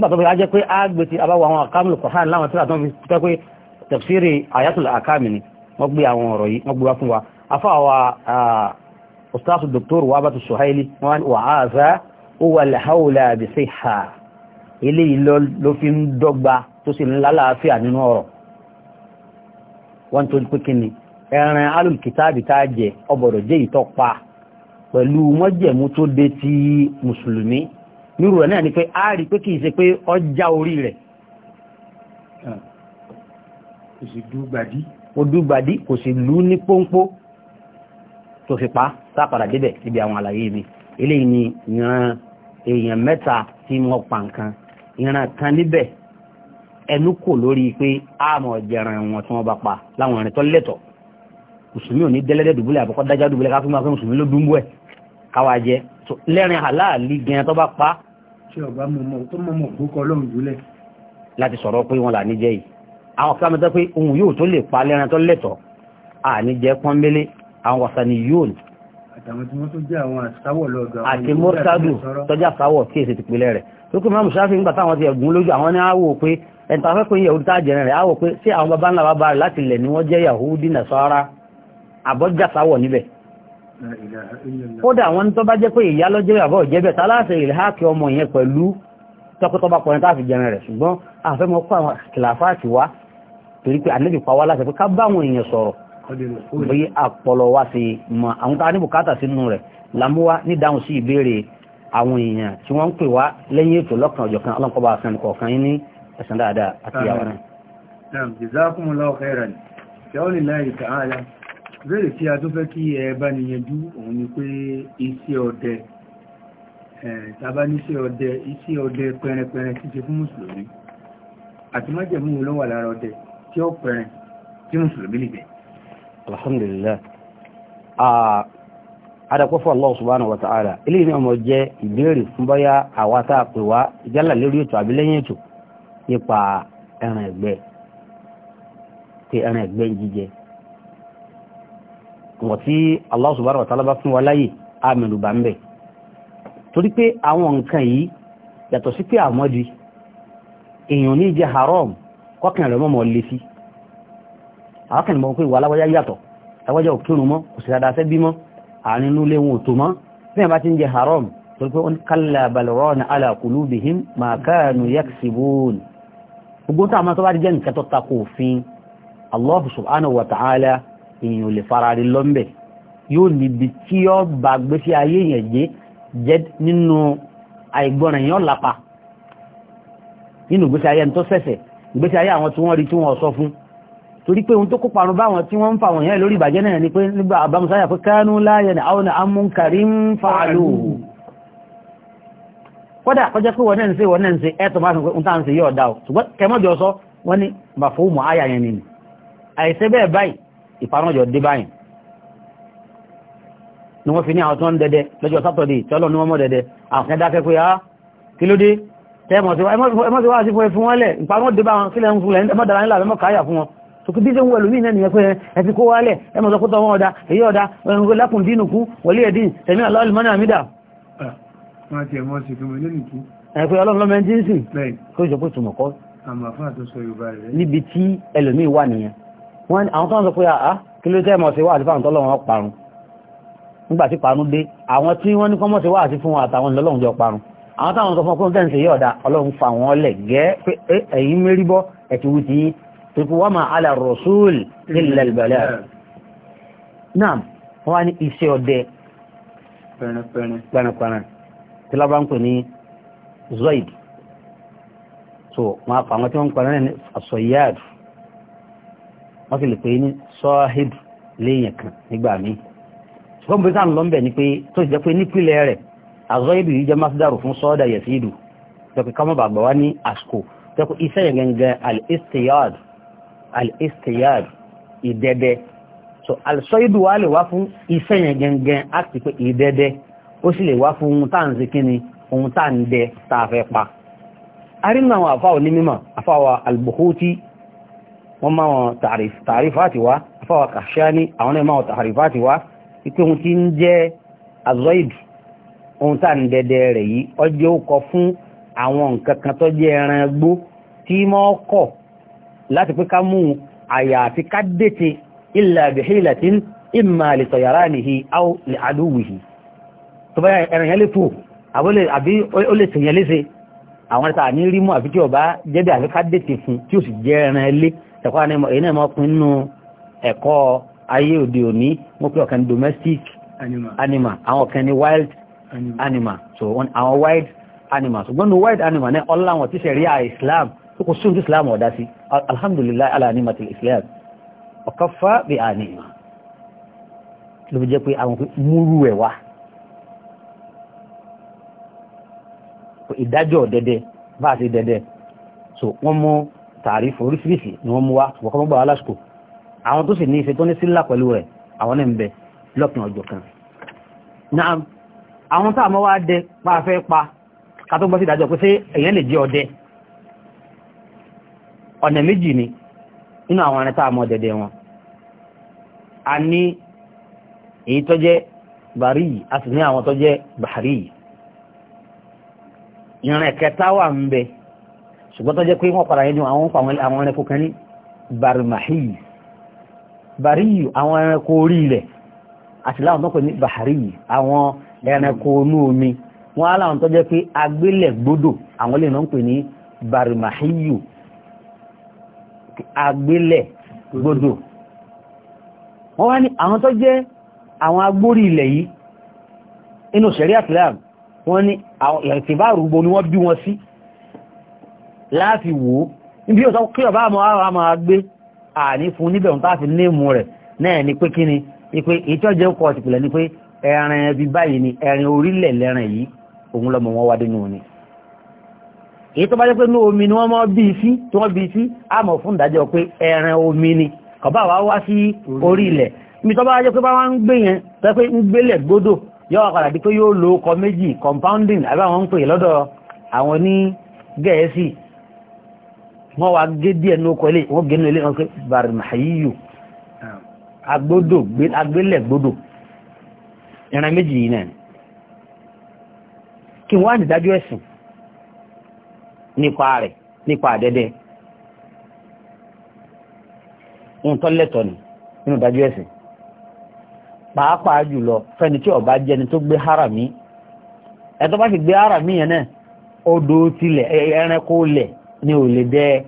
[SPEAKER 2] nígbà tó bá jẹ́ pé a gbé ti abáwọ̀ àwọn àkámìlù kọ̀hán láwọn tí àtọ́ fi tẹ́ pé tafsiri ayatul àkámì ni wọ́n gbé àwọn ọ̀rọ̀ yìí wọ́n gbé wá fún wa afáwa ustaz dr wabatu suhaili wọ́n wà á zá ó wà lẹ́hàwùlà àbísí ha eléyìí ló fi ń dọ́gba tó sì ń lálàáfíà nírú ẹ̀ náà ni pé a rí pé kìí ṣe pé ọjà orí rẹ̀ ah, kò dú gbàdí kò sì lú ní pọ́npọ́ tó fi pa sápadà débẹ̀ níbi àwọn àlàyé mi eléyìí ni ìran èèyàn mẹ́ta tí wọ́n pa nǹkan ìran kan níbẹ̀ ẹnu kò lórí pé àmọ̀ jẹran wọn tí wọ́n bá pa láwọn ìrìn tó lẹ́tọ̀ọ́ mùsùlùmí ò ní dẹ́lẹ́dẹ́ dùbúlẹ̀ àbọ̀kọ́ dájá dùbúlẹ̀ ká pé mùsùlùmí ló dùn bú ẹ̀ káwá jẹ lẹ́rin àláàlí gan tó bá pa tí ọba mọmọ tó mọmọ gbókọ Ọlọ́run jùlẹ. láti sọ̀rọ̀ pé wọn là ní jẹ́ yìí àwọn kan mẹ́ta pé ohun yóò tó lè pa lẹ́ran tó lẹ́tọ̀ àní jẹ́ pọ́nbélé àwọn wàsani yóò ní.
[SPEAKER 1] àtàwọn tí wọ́n tó jẹ́ àwọn
[SPEAKER 2] àsáwọ̀ lọ́dọ̀ àwọn àti mọ́tàdù tọ́jà sáwọ̀ kí èsì tìpínlẹ̀ rẹ̀ tó kí mọ́mù sáfì ń gbà táwọn àwọn ní àwò pé ẹ̀ntà afẹ́ pé yahudi jẹ̀rẹ̀ rẹ̀ àwò pé sí àwọn baba ńlá baba rẹ̀ láti lẹ̀ ni wọ́n jẹ́ yahudi nasara àbọ́jà sáwọ̀ níbẹ̀ kódà àwọn tó bá jẹ́ pé ìyá lọ́jẹ́ àbọ̀ ìjẹ́bẹ̀ tàláṣẹ ìlháàkì ọmọ yẹn pẹ̀lú tọ́kọ́tọ́ bá kọrin táàfi jẹrin rẹ̀ ṣùgbọ́n àfẹ́mọ́ kó àwọn kìláfáàtì wá torí pé ànẹ́bì pa wá láṣẹ pé ká báwọn èèyàn sọ̀rọ̀ bí àpọlọ wá sí mọ àwọn tá a ní bùkátà sínú rẹ̀ lámúwá ní dáhùn sí ìbéèrè àwọn èèyàn tí wọ́n ń pè wá lẹ́yìn ètò lọ́kàn ọ̀jọ̀kan ọlọ́nkọ́ba àṣàn kọ̀ọ̀kan yín ní ẹ̀sán dáadáa àti ìyàwó
[SPEAKER 1] náà. ìbéèrè tí a tó fẹ́ kí ẹ bá ní òun ni pé iṣẹ́ ọdẹ tàbá níṣẹ́ ọdẹ iṣẹ́ ọdẹ pẹrẹpẹrẹ ti fún mùsùlùmí àti májẹ̀mú ló wà lára ọdẹ tí ó pẹrẹ tí mùsùlùmí
[SPEAKER 2] lè bẹ̀. alhamdulillah adakọ́fọ́ allah subhanahu wa ta'ala ilé ní ọmọ jẹ́ ìbéèrè fún bóyá àwa tá a pè wá ìjálà lórí ètò àbí lẹ́yìn ètò nípa wọ̀n tí Allah subhanahu wa ta'ala bá fún wa láyè àmìlùbà ń bẹ̀ torí pé àwọn nǹkan yìí yàtọ̀ sí pé àmọ́dí èèyàn ní jẹ́ haram kọ́kàn rẹ̀ mọ́mọ́ lé sí àwọn kan mọ̀ pé ìwà aláwọ́já yàtọ̀ aláwọ́já òkèrún mọ́ kò sí dáadáa sẹ́bí mọ́ àárín inú léwọn òtò mọ́ bí wọ́n bá ti ń jẹ haram torí pé wọ́n kálà balrọ́ọ̀nà ala qulubihim ma kanu yaksibun gbogbo tó àmọ́ tó bá jẹ́ nǹkan tó tako òfin Allah subhanahu wa ta'ala èèyàn ò lè fara rí lọ́mbẹ̀ yóò níbi tí ó bá gbésí ayé èèyàn jẹ́ jẹ́ nínú àìgbọ́ràn èèyàn lápa nínú gbésí ayé ẹni tó ṣẹ̀ṣẹ̀ gbésí ayé àwọn tí wọ́n rí tí wọ́n sọ fún torí pé ohun tó kópa ọ̀run báwọn tí wọ́n ń fa àwọn lórí ìbàjẹ́ náà ni pé nígbà àbámusáyà pé kánú láyẹ̀ ní àwọn amúnkarí ń fàálù kódà kọjá pé wọ́n náà ń ṣe wọ́n náà ń ṣe ẹ̀tọ́ máa sọ pé ń tàn ṣe yóò dá o ṣùgbọ́n kẹmọ́jọ sọ wọ́n ní bàfọ́ mọ̀ áyà yẹn nìyí àìṣe bẹ́ẹ̀ báyìí ìparọ́jọ dé báyìí ni wọ́n fi ní àwọn tó ń dẹ́dẹ́ lọ́jọ́ sátọ̀dì tọ́lọ̀ ní wọ́n mọ́ dẹ́dẹ́ àwọn ẹ̀dákẹ́ pé á kí ló dé tẹ́mọ̀ tí wá sí fún ẹfún wọn lẹ̀ ìparọ́ dé bá wọn sílẹ̀ ń fún lẹ̀ ẹmọ́ dára nílà ẹmọ́ káyà fún wọn tòkí bí sẹ́wọ́n ẹlòmí náà nìyẹn pé ẹ fi kó wá lẹ̀ ẹmọ́ sọ pé tọwọ́ ọ̀dà èyí ọ̀dà ẹ̀rùn lákùn dínú kú wọlé ẹ̀dín tẹ̀mí aláwọ̀lì mọ́nà àmìdá ẹ̀pẹ́ ọlọ́run lọ́mọ ẹni tí ń sìn kó ìjọpọ̀ tùmọ̀kọ́ níbi tí ẹlòmí wà nìyẹn wọ́n àwọn tó ń sọ pé àá ah, ah, kí ló tẹ́ mọ̀ sí wà àti fáwọn tọ́lọ́wọ́n parun nígbà tí parun dé àwọn tí wọ́n ní kọ́ mọ̀ sí wà àti fún àtàwọn ìlọ́lọ́run jọ parun àwọn táwọn sọ fún ọkùnrin tẹ́ǹsì yóò dá ọlọ́run fa wọn lẹ̀ gẹ́ pé eh, ẹ̀yìn mérí bọ́ ẹ̀tì wù tí tó kú máa ala rasul nílẹ̀ ìbẹ̀lẹ̀ náà wọ́n wá ní iṣẹ́ ọdẹ pẹ̀rẹ̀pẹ̀rẹ̀ tí so wọn àpàwọn tí wọ́n ń wọ́n sì lè pè ní sọ́ọ́hìb léèyàn kan nígbà míì ṣùgbọ́n bí sáà lọ bẹ̀ ni pé tó ti jẹ́ pé nípìnlẹ̀ rẹ̀ àzọ́ìbì yìí jẹ́ masdaru fún sọ́ọ́dà yẹ̀sídù tọ́pẹ́ ká mọ́ bàgbà wá ní àsìkò tọ́pẹ́ iṣẹ́ yẹn gẹ́gẹ́ al-istiyad al-istiyad ìdẹ́dẹ́ so al-sọ́ìdù wa lè wá fún iṣẹ́ yẹn gẹ́gẹ́ àti pé ìdẹ́dẹ́ ó sì lè wá fún ohun tá à ń ṣe kíni ohun tá à ń dẹ tá a fẹ́ pa. arínà àwọn àfáwọ̀ ní mímọ̀ wọ́n máa wọn tààrífàtì wá afáwà Kashani àwọn náà máa wọn tààrífàtì wá wípé ohun tí ń jẹ́ azoid ohun tá à ń dẹdẹ rẹ̀ yìí ọjọ́ ó kọ fún àwọn nǹkan kan tó jẹ́ ẹran gbó tí wọ́n kọ̀ láti pé ká mú àyà àti ká dètè illa bihilatin imma li tayaranihi aw li aduwihi tó bá ẹran yẹn lè fò àbí ó lè sèyàn léṣe àwọn ẹ̀ta ní rímú àfi tí ọba jẹ́bẹ̀ àfi ká dètè fún tí ó sì jẹ́ ẹran ẹlé ẹ̀kọ́ àná èyí náà mọ́kùn nínú ẹ̀kọ́ ayé òde òní mo pé ọ̀kan domestic animal àwọn kan ní wild animal so àwọn wild animal ṣùgbọ́n ní wild animal náà ọlá wọn ti ṣẹ̀rí à Islam tó kò sóhun Islam ọ̀dá sí alhamdulillah ala ni'matil Islam ọ̀kọ́fà bí a ní ìmọ̀ ló fi jẹ́ pé àwọn múrú ẹ̀ wá ìdájọ́ dẹ́dẹ́ bá a ṣe dẹ́dẹ́ so wọ́n mú tààrífù oríṣiríṣi ni wọ́n mú wá ṣùgbọ́n àwọn tó sì ní iṣẹ́ tó ní sílá pẹ̀lú rẹ̀ àwọn náà ń bẹ kan na àwọn táà mọ́ wá dẹ pa pa ká tó gbọ́ sí ìdájọ́ pé ṣé èèyàn lè jẹ́ ọdẹ ọ̀nà méjì a ní èyí tó jẹ́ bàrí yìí a sì ní àwọn tó jẹ́ ṣùgbọ́n tó jẹ́ pé wọ́n padà yẹnu àwọn àwọn ẹranko kan ní barimahiyi bariyu àwọn ẹranko orí ilẹ̀ àti láwọn tọ́pẹ̀ ní bahariyi àwọn ẹranko inú omi wọ́n á láwọn tó jẹ́ pé agbélẹ̀gbódò àwọn lè náà ń pè ní barimahiyu agbélẹ̀gbódò wọ́n wá ní àwọn tó jẹ́ àwọn agbórí ilẹ̀ yìí inú sẹ̀rí àtìláàmù wọ́n ní ìtìbá àrùgbò ni wọ́n bí wọn sí láàfi wò ó níbi yóò sọ kí ọba àmọ́ ara máa gbé àní fún níbẹ̀ òun táàfi néèmù rẹ̀ náà ni pé kí ni ipe ìtọ́jẹ́ kọ́ ti ni pé ẹran ẹbí báyìí ni ẹran orílẹ̀ lẹ́ran yìí òun lọ́mọ wọn wá dénú ni èyí tó bá jẹ́ pé ní omi ni wọ́n mọ́ bí i sí tí wọ́n bí i sí àmọ̀ fún ìdájọ́ pé ẹran omi ni kọ̀bá wá wá sí orí ilẹ̀ tó bá jẹ́ pé bá wá ń gbé yẹn tó pé ń gbélẹ̀ gbódò yọ́ padà di pé yóò lo ọkọ̀ méjì compounding àbí àwọn ń pè lọ́dọ̀ àwọn ní gẹ̀ẹ́sì wọ́n wá gé díẹ̀ ní okọ̀ ilé wọ́n gẹ́nu ilé ọkọ̀ barimahiyu ah. agbódò agbélẹ̀ gbódò ìran méjì yìí náà kí wọ́n á nìdájọ́ ẹ̀sìn nípa rẹ̀ nípa àdẹ́dẹ́ ń tọ́lẹ̀tọ̀ ni nínú ìdájọ́ ẹ̀sìn pàápàá jùlọ fẹ́ni tí ọba jẹni tó gbé harami ẹ̀tọ́ bá sì gbé harami yẹn náà odò tilẹ̀ ẹranko lẹ̀ ni ò lè dẹ́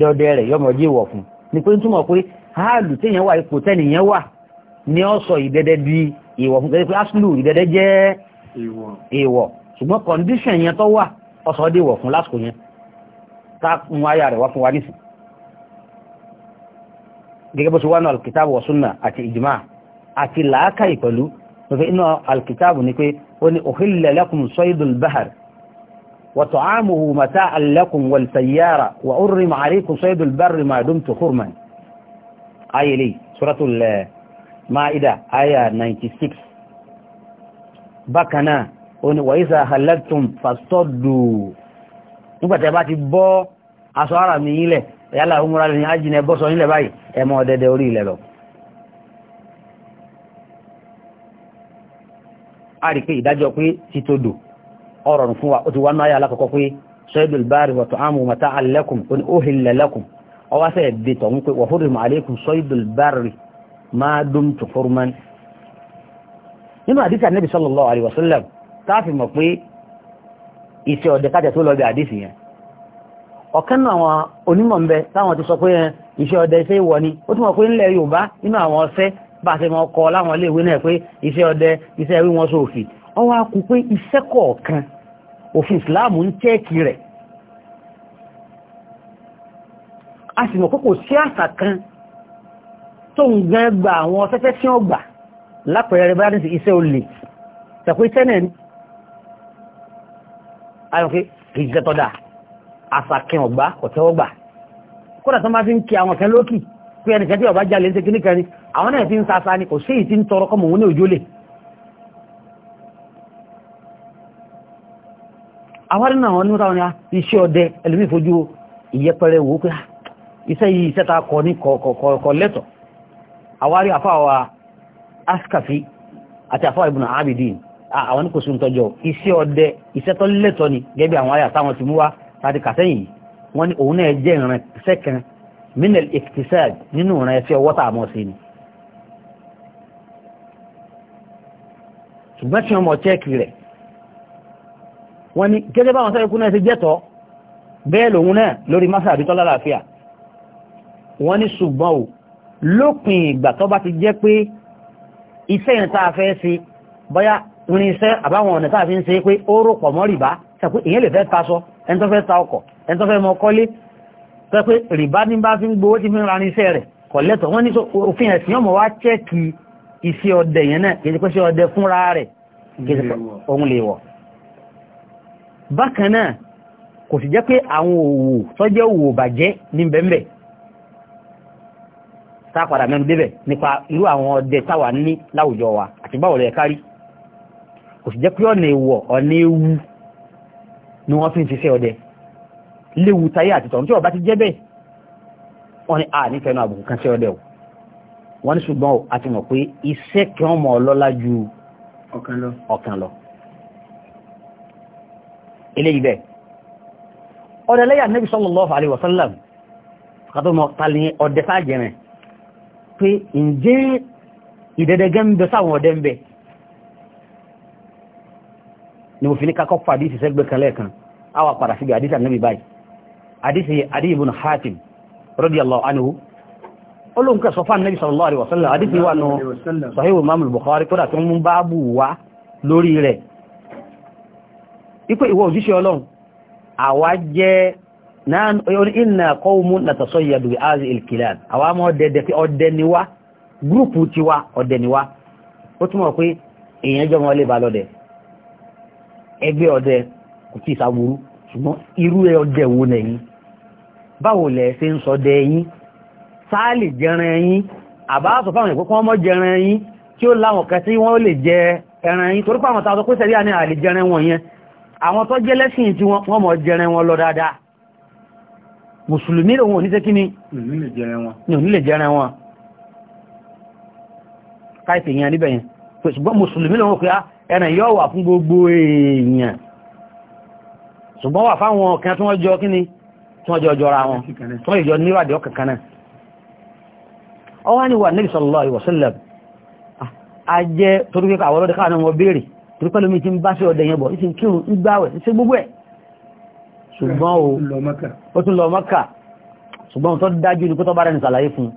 [SPEAKER 2] dọ́dẹ́ rẹ̀ yọmọ jí wọ̀ fún ni pé ń túmọ̀ pé háàlù téèyàn wà ipò tẹ́nìyàn wà ni ó sọ ìdẹ́dẹ́ di ìwọ̀ fún pé aṣlù ìdẹ́dẹ́ jẹ́ ìwọ̀ ṣùgbọ́n kọ̀ndíṣàn yẹn tó wà ọsọ dé ìwọ̀ fún lásìkò yẹn ká mú ayà rẹ̀ wá fún wa nísìn gẹ́gẹ́ bó ṣe wá náà alkitabu wa sunna àti ìjìmá àti làákàyè pẹ̀lú pẹ̀lú inú alkitabu ni pé ó ní uhilla lakum bahar وطعامه متاعا لكم والسيارة وأرم عليكم صيد البر ما دمت حرما آية لي سورة المائدة آية 96 بكنا وإذا هللتم فاصطدوا nígbà tẹ́ bá ti bọ́ aṣọ ara mi ilẹ̀ yálà umura ni ajínẹ bọ́sọ nílẹ̀ báyìí ẹmọ ọ̀dẹ̀dẹ̀ orí ilẹ̀ lọ a rí pé ìdájọ́ pé títò dùn ọ̀rọ̀rùn fún wa ó ti wá náà yà alákọ̀ọ́kọ́ pé saydul bari wa ta'amu mata'an lakum ó ní uhilla lakum ọ wá sẹ́yẹ̀ dé tọ̀ ń pé wa hurrima alaykum saydul bari ma dumtu hurman. nínú àdìsí ànábì sallallahu alayhi wa mọ̀ pé iṣẹ́ ọ̀dẹ kájà tó lọ bí àdìsí yẹn ọ̀kan náà àwọn onímọ̀ ń bẹ táwọn ti sọ pé eh, iṣẹ́ ọdẹ iṣẹ́ ìwọ ni ó túnmọ̀ pé ńlẹ̀ Yorùbá nínú àwọn ọ̀sẹ́ bá a ṣe mọ̀ ọkọ̀ láwọn iléèwé náà pé iṣẹ́ ọdẹ iṣẹ́ ìwé wọn sófin ọwọ́ akù pé iṣẹ́ kọ̀ọ̀kan òfin ìsìláàmù ń tẹ́ẹ̀kì rẹ̀ a sì mọ̀ kókò sí àṣà kan tó ń gan gba àwọn ọ̀sẹ́sẹ́ tí ó gbà lápẹẹrẹ bá ní iṣẹ́ olè tẹ̀kọ́ iṣẹ́ náà ni ayọ̀kẹ́ kì í jẹ́tọ́dà àṣà kan ọ̀gbá ọ̀tẹ́wọ́gbà kódà tó máa fi ń kí àwọn kan lókì pé ẹnìkan tí ọba jalè ń ṣe kíníkan ni àwọn náà ti ń sasa ni kò sí ìtí ń tọrọ kọmọ òun ní òjò lè àwárí náà wọn ní mọ́ta wọn ni ah, iṣẹ́ ọdẹ ẹlùmí fojú ìyẹpẹrẹ wò pé ah, iṣẹ́ yìí iṣẹ́ ta kọ ní kọ̀ọ̀kọ̀ lẹ́tọ̀ àwárí àfáwà askafi àti àfáwà ibùnà abidin ah, àwọn ní kò sí tọjọ iṣẹ́ ọdẹ iṣẹ́ tó lẹ́tọ̀ ni gẹ́gẹ́ bí àwọn àyà táwọn ti mú wá láti kàtẹ́yìn wọn ni òun náà jẹ́ ìran sẹ́kẹ̀n minel iktisad nínú ìran ẹsẹ̀ ọwọ́ tá a mọ̀ sí ni ṣùgbọ́n tí wọ́n mọ̀ chẹ́ẹ̀kì rẹ̀ wọ́n ní gẹ́gẹ́ báwọn sáré kú náà ṣe jẹ́tọ̀ bẹ́ẹ̀ lòun náà lórí masa àbítọ́ lálàáfíà wọ́n ní ṣùgbọ́n ò lópin ìgbà tó bá ti jẹ́ pé iṣẹ́ ìrìn tá a fẹ́ ṣe bóyá rin iṣẹ́ àbáwọn ọ̀nà tá a fi ń ṣe pé ó rò pọ̀ mọ́ rìbá ṣàpé èyàn lè fẹ́ taṣọ ẹni tó fẹ́ ta ọkọ̀ ẹni tó fẹ́ ọdẹ yẹn náà kì ọdẹ fúnra rẹ̀ kì í lè wọ̀ bákan náà kò sì jẹ́ pé àwọn òwò tó jẹ́ òwò bàjẹ́ ní bẹ́ẹ̀mbẹ̀ tá a padà mẹ́nu débẹ̀ nípa irú àwọn ọdẹ táwa ní láwùjọ wa àti báwo lẹ̀ kárí kò sì jẹ́ pé ọ̀nà ìwọ̀ ọ̀nà ewu ni wọ́n fi ń ṣiṣẹ́ ọdẹ léwu táyé àti tọ̀hún tí ọba ti jẹ́ bẹ́ẹ̀ wọ́n ní a ní fẹ́nu àbùkù kan sí ọdẹ o wọ́n ní ṣùgbọ́n a mọ̀ pé iṣẹ́ kí wọ́n mọ̀ ọlọ́lá ju ọ̀kan lọ eléyìí bẹ́ẹ̀ ọdẹ lẹ́yà nẹ́bí sallallahu alaihi wasallam kàtọ́mọ̀ tàlí ọdẹ sáàjẹ̀rẹ̀ pé ǹjẹ́ ìdẹ́dẹ́gẹ́ ń bẹ sáwọn ọdẹ ń bẹ ni mo fi ní kakọ́ fà àdísì sẹ́gbẹ̀ kan lẹ́ẹ̀kan àwa padà síbi àdísì ànábì báyìí àdísì Adi ibn Hatim radiyallahu anhu olóhùn kẹsọ fún ànábì sallallahu alaihi wasallam àdísì wà nù Sahih Imam al-Bukhari kódà tó ń mú báàbù wá ipé ìwọ òjíṣẹ́ ọlọ́run àwa jẹ́ iná kọ́wùmú nàtàṣọ́ ìyàdù ààzì ìlkìlán àwa mọ́ dẹ̀dẹ̀ pé ọdẹ niwá gúrùpù tiwa ọdẹ niwá ó túnmọ̀ pé èèyàn jọ mọ́ lè bá lọ́dẹ ẹgbẹ́ ọdẹ kò tí ìsàbúrú ṣùgbọ́n irú ọdẹ wo nẹ̀yìn báwo lẹ̀ ṣe ń sọ dẹ yín sáàlì jẹran yín àbáṣọ fáwọn ìpínpín ọmọ jẹran yín tí ó láwọn kẹtí wọn ó lè jẹ ẹran yín torípàwọn tàbí pé ní àlè jẹran wọn àwọn tó jẹ́ lẹ́sìn tí wọ́n mọ̀ jẹrẹ wọn lọ dáadáa mùsùlùmí lòun ò ní tẹ́ kí ni ní ò nílè jẹrẹ wọn káìsì èèyàn níbẹ̀ yẹn ṣùgbọ́n mùsùlùmí lòun pé ah, ẹran yóò wà fún gbogbo èèyàn ṣùgbọ́n wà fáwọn kan tí wọ́n jọ kí ni tí wọ́n jọ jọra wọn tí wọ́n jọ níwàdí ọkàn kan náà ọwọ́ ni wà níbi sallallahu alaihi wasallam ajẹ́ ah, torí pé àwọn ọlọ́dẹ káà náà wọ́n béèrè torípẹ́lú mi ti ń bá sí ọdẹ yẹn bọ̀ ìsìn kírun ń gbáwẹ̀ ìsìn gbogbo ẹ̀ ṣùgbọ́n ó tún lọ mọ́kà ṣùgbọ́n tó dájú ní kótọ́ bá rẹ̀ nìsàlàyé fún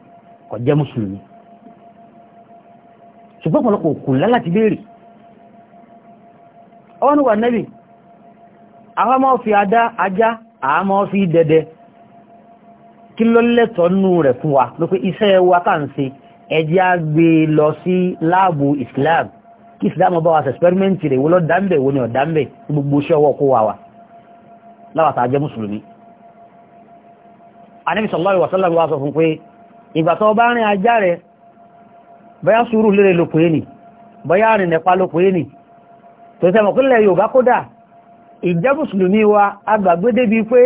[SPEAKER 2] kò jẹ́ mùsùlùmí ṣùgbọ́n wa ló pé iṣẹ́ wa tá à ń ṣe ẹjẹ́ á gbé e lọ sí láàbù Islam kí ìsìlámù bá wa sẹ̀sipẹ́rímẹ́ǹtì rẹ̀ wọ́n dáńbẹ̀ wọ́n ni ọ̀dáńbẹ̀ ní gbogbo iṣẹ́ ọwọ́ kó wa wa láwàtà jẹ́ mùsùlùmí Ànábì sallallahu alaihi wasallam wá sọ fún pé ìgbà tó bá rìn ajá rẹ̀ bóyá sùúrù lérè ló pèé nì bóyá rìn nẹ̀pá ló pèé nì tó sẹ́mọ̀ kílẹ̀ Yorùbá kódà ìjẹ́ mùsùlùmí wa agbàgbé débi pé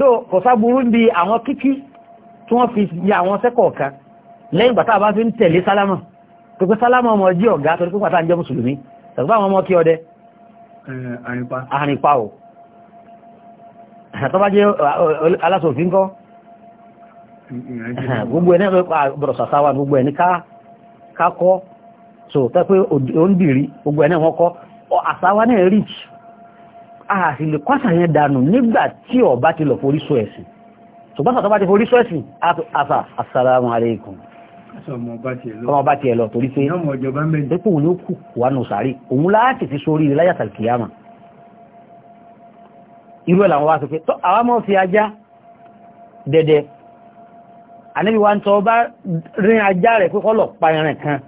[SPEAKER 2] dó kò sáburú bí àwọn kíkí tí wọ́n fi ya àwọn sẹ́kọ̀ọ̀kan lẹ́yìn bàtà bá fi ń tó pé sálámà ọmọ jí ọ̀gá torí pípàtà ń jẹ́ mùsùlùmí tàbí àwọn ọmọ kí ọdẹ àrìnpa ò àtọ́bá jẹ́ alásòfin kọ́ gbogbo ẹni bọ̀rọ̀ sàsáwà gbogbo ẹni kákọ́ so tẹ́ pé ó ń dìrí gbogbo ẹni wọ́n kọ́ àsáwà náà rich àti lè kọ́sà yẹn dànù nígbà tí ọba ti lọ forí sọ ẹ̀sìn ṣùgbọ́n sàtọ́bá ti forí sọ ẹ̀sìn àṣà assalamu alaikum ọmọ bá tiẹ̀ lọ torí pé dépò òun ló kù wà nù sàárì òun láti fi sórí rẹ̀ láyàtà kìyàmà irú ẹ̀ làwọn wá sọ pé tọ́ àwọn ọmọ fi ajá dẹ̀dẹ̀ àníbi wa ń tọ́ bá rin ajá rẹ̀ pé kọ́lọ̀ pa ẹran kan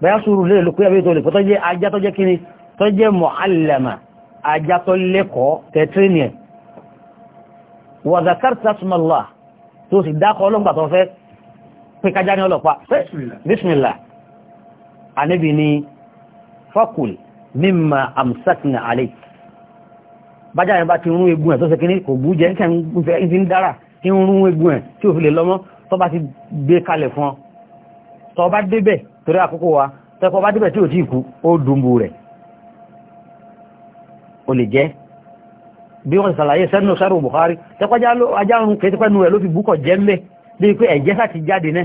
[SPEAKER 2] bẹ́ẹ̀ sùúrù lè lò pé ẹbí tó lè pọ́ tọ́jẹ́ ajá tọ́jẹ́ kiri tọ́jẹ́ mọ̀álẹ̀mà ajá tọ́ lẹ́kọ̀ọ́ tẹ̀tírínìẹ̀ wàzàkártàtùmọ̀lá tó sì dákọ̀ ọlọ́gbà tó fẹ́ pé kájá ní ọlọ́pàá bísmìlá anábì ní fọ́kùl mímọ̀ amsakna alẹ́ bájá yẹn bá ti rún egun ẹ̀ tó sẹ́kí ní kò bú jẹ́ ní ń dára tí ń rún egun ẹ̀ tí ò bí wọ́n ṣàlàyé sẹ́nu sẹ́rù Bukhari tẹ́kọ̀ ajá ń kẹ́tẹ́pẹ́nu rẹ̀ ló fi búkọ̀ jẹ́ mẹ́ bí pé ẹ̀jẹ̀ sáti jáde náà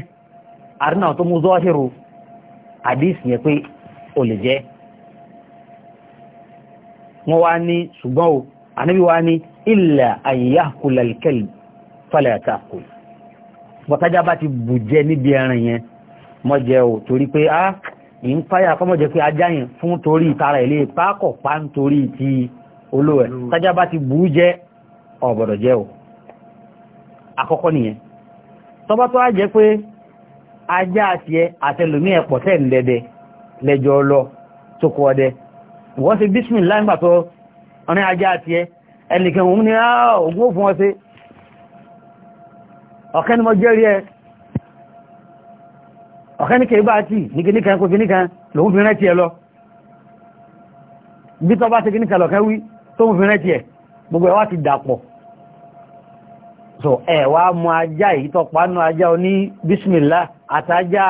[SPEAKER 2] àrínà tó mú zọ́hìrò àdísì yẹn pé o lè jẹ́ wọ́n wá ní ṣùgbọ́n o ànábì wá ní illa an ya'kula al-kalb fala ta'kul bọ̀tájá bá ti bù jẹ níbi ẹran yẹn mọ́ o torí pé a ah, ń fáyà kọ́mọ̀ pé ajá yẹn fún torí ìtara ilé pákọ̀ pa ń ti olówẹ̀ tájá bá ti bù jẹ ọ̀bọ̀dọ̀ o àkọ́kọ́ nìyẹn tọba tó wá jẹ́ pé ajá àti ẹ àtẹlòmí ẹ̀pọ̀ tẹ́ ń dẹdẹ lẹ́jọ́ lọ tó kọ ọdẹ wọ́n ṣe bísmìlá nígbà tó ọ̀nà ajá àti ẹ ẹnìkan òun ni ogún òfin wọn ṣe ọ̀kẹ́ ni mo jẹ́rí ẹ ọ̀kẹ́ ní kẹ́ẹ̀bá tí nìkẹ́nìkan kò fi nìkan lòun fi rẹ́ tí lọ bí tọ́ bá ṣe kìnìkan lọ̀kẹ́ wí tó fi rẹ́ tí gbogbo ẹ̀ wá ti dàpọ̀ so ẹ wá mú ajá yìí tọpánú ajá oní bísmìlá àtajá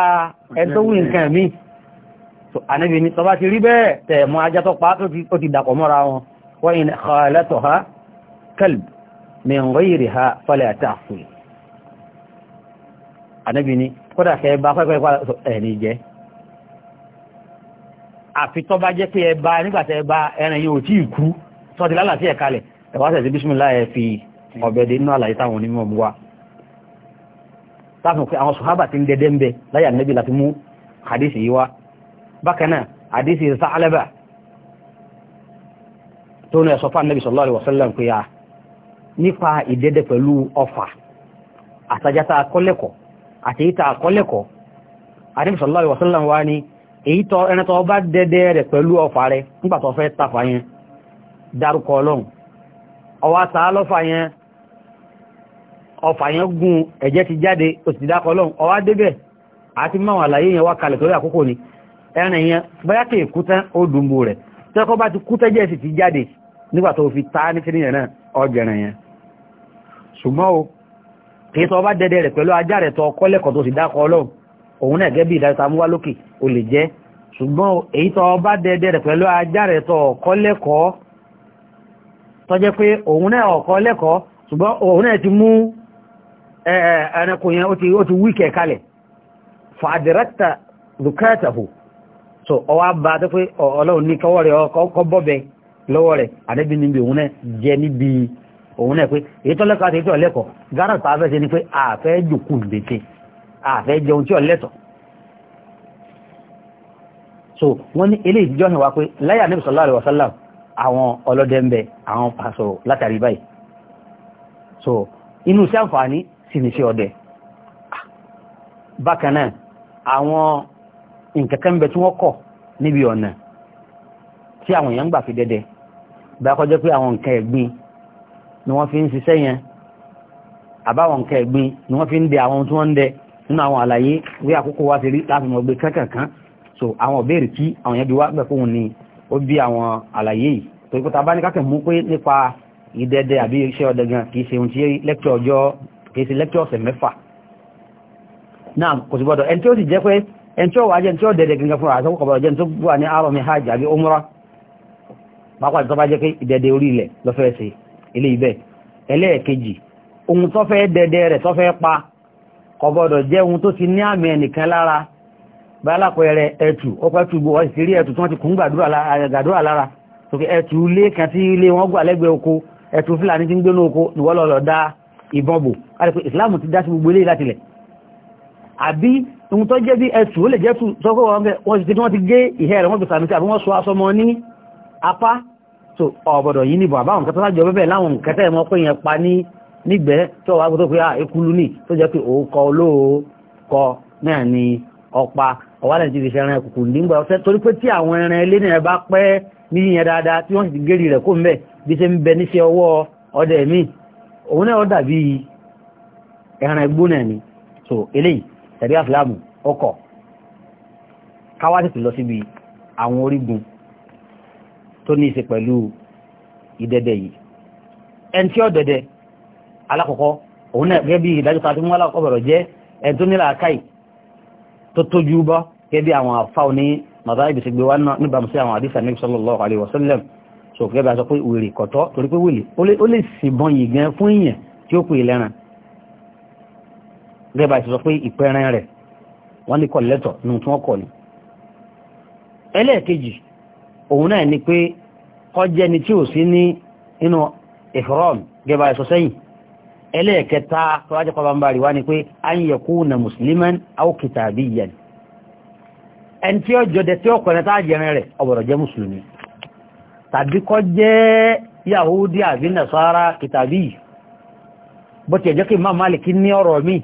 [SPEAKER 2] ẹtọ́wì nǹkan mi so ànábì ní tọba ti rí bẹ́ẹ̀ tẹ̀ mú ajá tọpá tó ti dàpọ̀ mọ́ra wọn wọ́n yìí kọ̀ọ̀lẹ́tọ̀ ha kalb min ghayri ha fala ta'fu ànábì ní kódà ọ̀bẹ̀dẹ̀ inú àlàyé táwọn onímọ̀ mú wa láti pé àwọn sọ̀hábà ti ń dẹ́dẹ́ ń bẹ láyà nẹ́bí láti mú hadisi yìí wá bákan náà hadisi Sa'laba tó ní ẹ̀sọ́ fún nẹ́bí sallallahu alaihi wasallam pé a nípa ìdẹ́dẹ́ pẹ̀lú ọfà àtajátá akọ́lẹ́kọ̀ àti ìta akọ́lẹ́kọ̀ àdébí sallallahu alaihi wasallam wá ní èyí tọ ẹni tọ bá dẹ́dẹ́ rẹ̀ pẹ̀lú ọfà rẹ̀ nígbà tó fẹ́ tàfà yẹn dárúkọ ọlọ́run ọwọ́ àtàlọ́fà yẹn ọfà yẹn gún ẹ̀jẹ̀ ti jáde ó sì dákọ̀ ọlọ́run ọwá débẹ̀ àti máwọn àlàyé yẹn wá kalẹ̀ torí àkókò ni ẹran yẹn bóyá kì í ó dùnbò rẹ̀ tẹ́kọ́ bá ti kú tẹ́jẹ́ sì ti jáde nígbà tó fi ta ní kíní yẹn náà ọjẹ̀rẹ̀ yẹn ṣùgbọ́n o kìí tọ́ bá dẹ́dẹ́ rẹ̀ pẹ̀lú ajá rẹ̀ tọ́ kọ́lẹ́kọ̀ọ́ tó sì dákọ̀ ọlọ́run òun náà gẹ́bí ìdájọ́ta mú wá lókè o lè jẹ́ ṣùgbọ́n èyí tọ́ bá dẹ́dẹ́ rẹ̀ pẹ̀lú ajá rẹ̀ tọ́ kọ́lẹ́kọ̀ọ́ tọ́jẹ́ pé òun náà ọ̀kọ́ lẹ́kọ̀ọ́ ṣùgbọ́n òun náà ti mú ẹranko yẹn ó ti wíkẹ̀ kalẹ̀ fàdìrẹ́tà dùkẹ́tàhù so ọwá bá tó pé ọlọ́run ní kọwọ́ rẹ̀ ọkọ̀ bọ́bẹ̀ lọ́wọ́ rẹ̀ àdẹ́bí níbi òun náà jẹ níbi òun náà pé èyí tó lẹ́kọ̀ọ́ àti èyí tó lẹ́kọ̀ọ́ gara pa afẹ́ ṣe ni pé so wọ́n ní eléyìí ìjọ hàn wá pé láyà níbi sallallahu alaihi wasallam àwọn ọlọ́dẹ ń bẹ àwọn pàṣọ látàrí báyìí so inú sí àǹfààní sí ní iṣẹ́ ọdẹ bákan náà àwọn nǹkankan bẹ tí wọ́n kọ̀ níbi ọ̀nà tí àwọn èèyàn gbà fi dẹdẹ bá kọjá pé àwọn nǹkan ẹ̀gbin ni wọ́n fi ń ṣiṣẹ́ yẹn àbáwọn nǹkan ẹ̀gbin ni wọ́n fi ń dẹ àwọn tí wọ́n ń dẹ nínú àwọn àlàyé wí àkókò wá ti rí láti mọ̀ gbé kankankan so àwọn òbéèrè tí àwọn èèyàn bí wá gbẹ̀ fóun ni ó bí àwọn àlàyé yìí torí pé ta bá ní kákẹ́ mú pé nípa ìdẹdẹ àbí iṣẹ́ ọdẹ gan kì í ṣe ohun tí lẹ́kítọ̀ ọjọ́ kìí ṣe lẹ́kítọ̀ ọ̀sẹ̀ mẹ́fà náà kò sí gbọ́dọ̀ ẹni tí ó sì jẹ́ pé ẹni tí ó wà jẹ́ tí ó dẹ̀dẹ̀ gẹ́gẹ́ fúnra àti umra pápá tó bá jẹ́ pé ìdẹ̀dẹ̀ orí ilẹ̀ ló fẹ́ ṣe ilé ibẹ̀ ẹlẹ́ẹ̀kejì ohun tó fẹ́ dẹ̀dẹ̀ rẹ̀ tó fẹ́ pa kò gbọ́dọ̀ jẹ́ ohun tó ti ní àmì ẹnìkan lára bálápẹ̀rẹ̀ ẹ̀tù ọpẹ́ tù bọ̀ wọ́n sì rí ẹ̀tù tí wọ́n ilé kan tí ilé wọn gbà lẹ́gbẹ̀ẹ́ oko ẹ̀tù fúlàní ti ń gbénú oko ìwọ́lọ́lọ́ dáa ìbọ̀bù àti pé ìsìláàmù ti dá sí gbogbo eléyìí láti lẹ̀ àbí ohun tó jẹ́ bí ẹ̀tù ó lè jẹ́ tù sọ́kọ́ wọn ti wọ́n ti gé ìhẹ́ rẹ̀ wọ́n ti sàmì sí àbí wọ́n sọ aṣọ mọ́ ní apá tó ọ̀bọ̀dọ̀ yìí nìbọn àbáwọn kẹta lájọ bẹ́bẹ̀ láwọn kẹta ẹ̀mọ́ pé yẹn pa ní nígbẹ́ tó wà ni ọ̀pá ọ̀wá nàìjíríà ṣe ẹran ẹ̀kùnkùn nígbà ọ̀sẹ̀ torí pé tí àwọn bí ṣe ń bẹ níṣẹ́ ọwọ́ ọdẹ míì òun náà dàbí ẹran ẹgbó ni so eléyìí tẹ̀lé àfìlámù ọkọ̀ káwá tètè lọ síbi àwọn orígun tó ní í ṣe pẹ̀lú ìdẹ́dẹ́ yìí ẹni tí ó dẹ̀dẹ̀ alákọ̀ọ́kọ́ òun náà gẹ́gẹ́ bí ìdájọ́ ta tó mú alákọ̀ọ́kọ́ bẹ̀rọ̀ jẹ́ ẹni tó nílà káì tó tójú bọ́ gẹ́gẹ́ bí àwọn àfáà ní màdá ìbìsígbé wa níbàmù àwọn àdìsàn Nabi sallallahu alaihi wasallam so gẹ́gẹ́ bá sọ pé wèrè kọ̀tọ́ torí pé wèrè ó lè sìnbọn yìí gan fún èèyàn tí ó pè lẹ́ran gẹ́gẹ́ bá sọ pé ìpẹ́ran rẹ̀ wọ́n ní kọ̀lẹ́tọ̀ nù tí wọ́n kọ̀ ni ẹlẹ́ẹ̀kejì òun náà ni pé kọjẹ́ ni tí ò sí ní inú ìfọ́rọ́m gẹ́gẹ́ sọ sẹ́yìn ẹlẹ́ẹ̀kẹta tó wájú kọba ń bá wá ni pé an yakuna musliman aw kitabiyan ẹni tí ó jọdẹ tí ó kọ̀ọ̀nẹ́ta tàbí kọ́ jẹ́ yahudi àbí nasara kìtàbí bó ti ẹ̀jẹ́ kí máa Málíkì ní ọ̀rọ̀ mi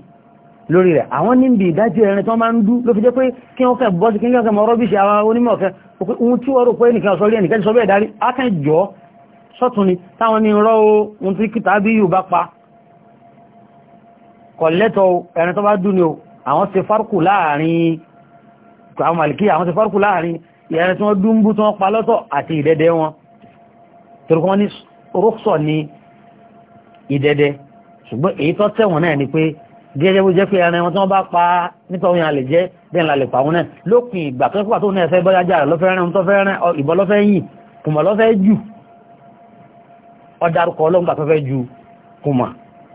[SPEAKER 2] lórí rẹ̀ àwọn ní bí ìdájọ́ ẹ̀rin tó máa ń dú ló fi jẹ́ pé kí wọ́n kẹ́ bọ́ sí kí wọ́n kẹ́ mọ rọ́bíṣì àwọn onímọ̀ ọ̀fẹ́ ohun tí wọ́n rò pé ẹnìkan sọ rí ẹnìkan sọ bẹ́ẹ̀ darí akẹ́jọ́ sọ́tún ni táwọn ní rọ́ ohun tí kìtàbí yóò bá pa kọ̀lẹ́tọ̀ ẹ̀rin tó bá dú ni o àwọn ṣe fárkù láàrin àwọn Málíkì àwọn ṣe fárkù láàrin ẹ̀rin tí wọ́n dúnbú tí wọ́n pa lọ́tọ̀ àti ìdẹ́dẹ́ wọn torí wọ́n ní rúkṣọ̀ ní ìdẹ́dẹ́ ṣùgbọ́n èyí tó tẹ̀wọ̀n náà ni pé gẹ́gẹ́ bó jẹ́ pé ẹran wọn tí wọ́n bá pa nítorí wọn lè jẹ́ bẹ́ẹ̀ la lè pa wọn náà lópin ìgbà tó pàtó náà fẹ́ bọ́yá jà lọ́fẹ́ rẹ́rìn tó fẹ́ rẹ́rìn ìbọn lọ́fẹ́ yìí kùmọ̀ lọ́fẹ́ jù ọ̀dàrúkọ ọlọ́gbà tó fẹ́ ju kùmọ̀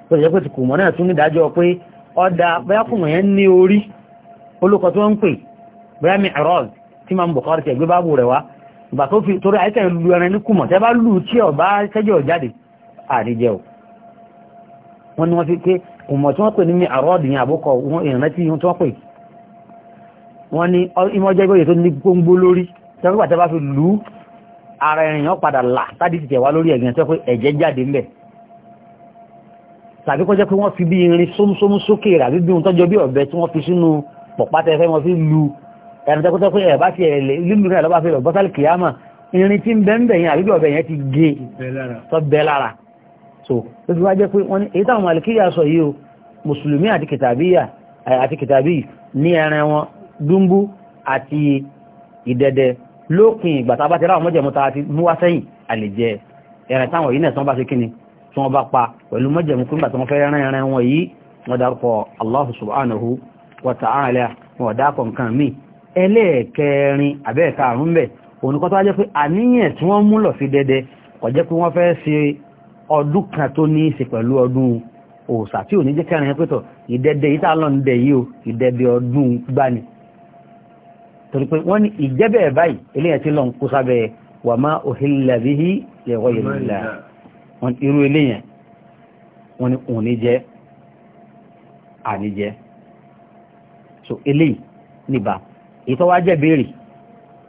[SPEAKER 2] tó jẹ́ pé ti kùmọ̀ náà tún nídájọ́ pé ọ̀dà bẹ́yà kùmọ̀ yẹn ní orí olùkọ́ tó ń pè bẹ́yà mi ẹ̀rọ tí máa ń bọ̀kọ́ rẹ̀ ìgbà tó fi torí àìkẹ́ lu ẹran ní kùmọ̀ tẹ́ bá lù tí ọba sẹ́jọ́ jáde àríjẹ́ o wọ́n ni wọ́n fi pé kùmọ̀ tí wọ́n pè ní àrọ́ọ̀dì yẹn àbúkọ ìrántí wọ́n pè wọ́n ni ìmọ̀jẹ́ ìgbóyè tó ní gbóngbó lórí tẹ́gbà tẹ́ bá fi lù ara èèyàn padà là tádì ti tẹ̀wá lórí ẹ̀gẹ̀ tẹ́ pé ẹ̀jẹ̀ jáde ńbẹ̀ tàbí kọjá pé wọ́n fi bí ẹ̀rọ̀dẹ́kọ́tọ́ pé ẹ̀bá ti ẹ̀lẹ̀ lílù náà lọ́bá fẹ́lọ̀ bọ́sálì kìyàmà irin tí ń bẹ́ẹ̀bẹ̀ yẹn àbíbẹ̀ ọ̀bẹ̀ yẹn ti gé tó bẹ́ lára so ó fi wá jẹ́ pé wọ́n ní èyí táwọn malikiya sọ yìí o mùsùlùmí àti kìtàbíyà àti kìtàbí ní ẹran wọn dúnbú àti ìdẹ̀dẹ̀ lópin ìgbà tá a bá ti ráwọn mọ́jẹ̀mú tá a ti mú wá sẹ́yìn àlè jẹ ẹran táwọn yìí náà tí wọ́n bá ṣe kíni wọ́n bá pa subhanahu wa ta'ala wọn dákọ̀ nǹkan míì ẹlẹ́ẹ̀kẹrin àbẹ́ẹ̀ka àrùn bẹ̀ òníkọ́ tó wá jẹ́ pé àníyàn tí wọ́n mú lọ sí dẹ́dẹ́ kò jẹ́ pé wọ́n fẹ́ ṣe ọdún kan tó ní í ṣe pẹ̀lú ọdún òòṣà tí ò ní jẹ́ kẹrin pẹ́tọ̀ ìdẹ́dẹ́ yìí tá lọ ń dẹ yìí o ìdẹ́dẹ́ ọdún gbani torí pé wọ́n ní ìjẹ́bẹ̀ báyìí eléyàn tí lọ ń kó sábẹ́ wà má uhilla bihi li so eléyìí níbà èyí tó wá jẹ́ béèrè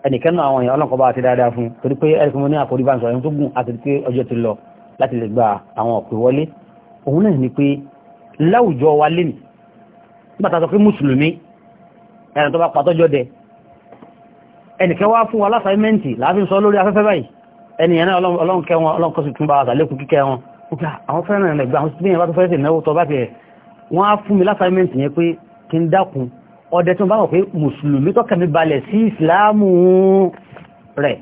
[SPEAKER 2] ẹnìkan náà àwọn èèyàn ọlọ́nkọ́ bá ti dáadáa fún torí pé ẹ̀rì fún mi ní àkórí bá ń sọ ẹni tó gùn àti pé ọjọ́ ti lọ láti lè gba àwọn ọ̀pẹ wọlé òun náà ni pé láwùjọ wa lé mi nígbà tá a sọ pé mùsùlùmí ẹni tó bá patọ́jọ́ dẹ ẹnìkan wá fún wa lásàímẹ́ǹtì láàfin sọ lórí afẹ́fẹ́ báyìí ẹnìyàn náà ọlọ́nkẹ́ ọdẹ tó bá wọ̀ pé mùsùlùmí tọ́kàn mi balẹ̀ sí ìsìláàmù rẹ̀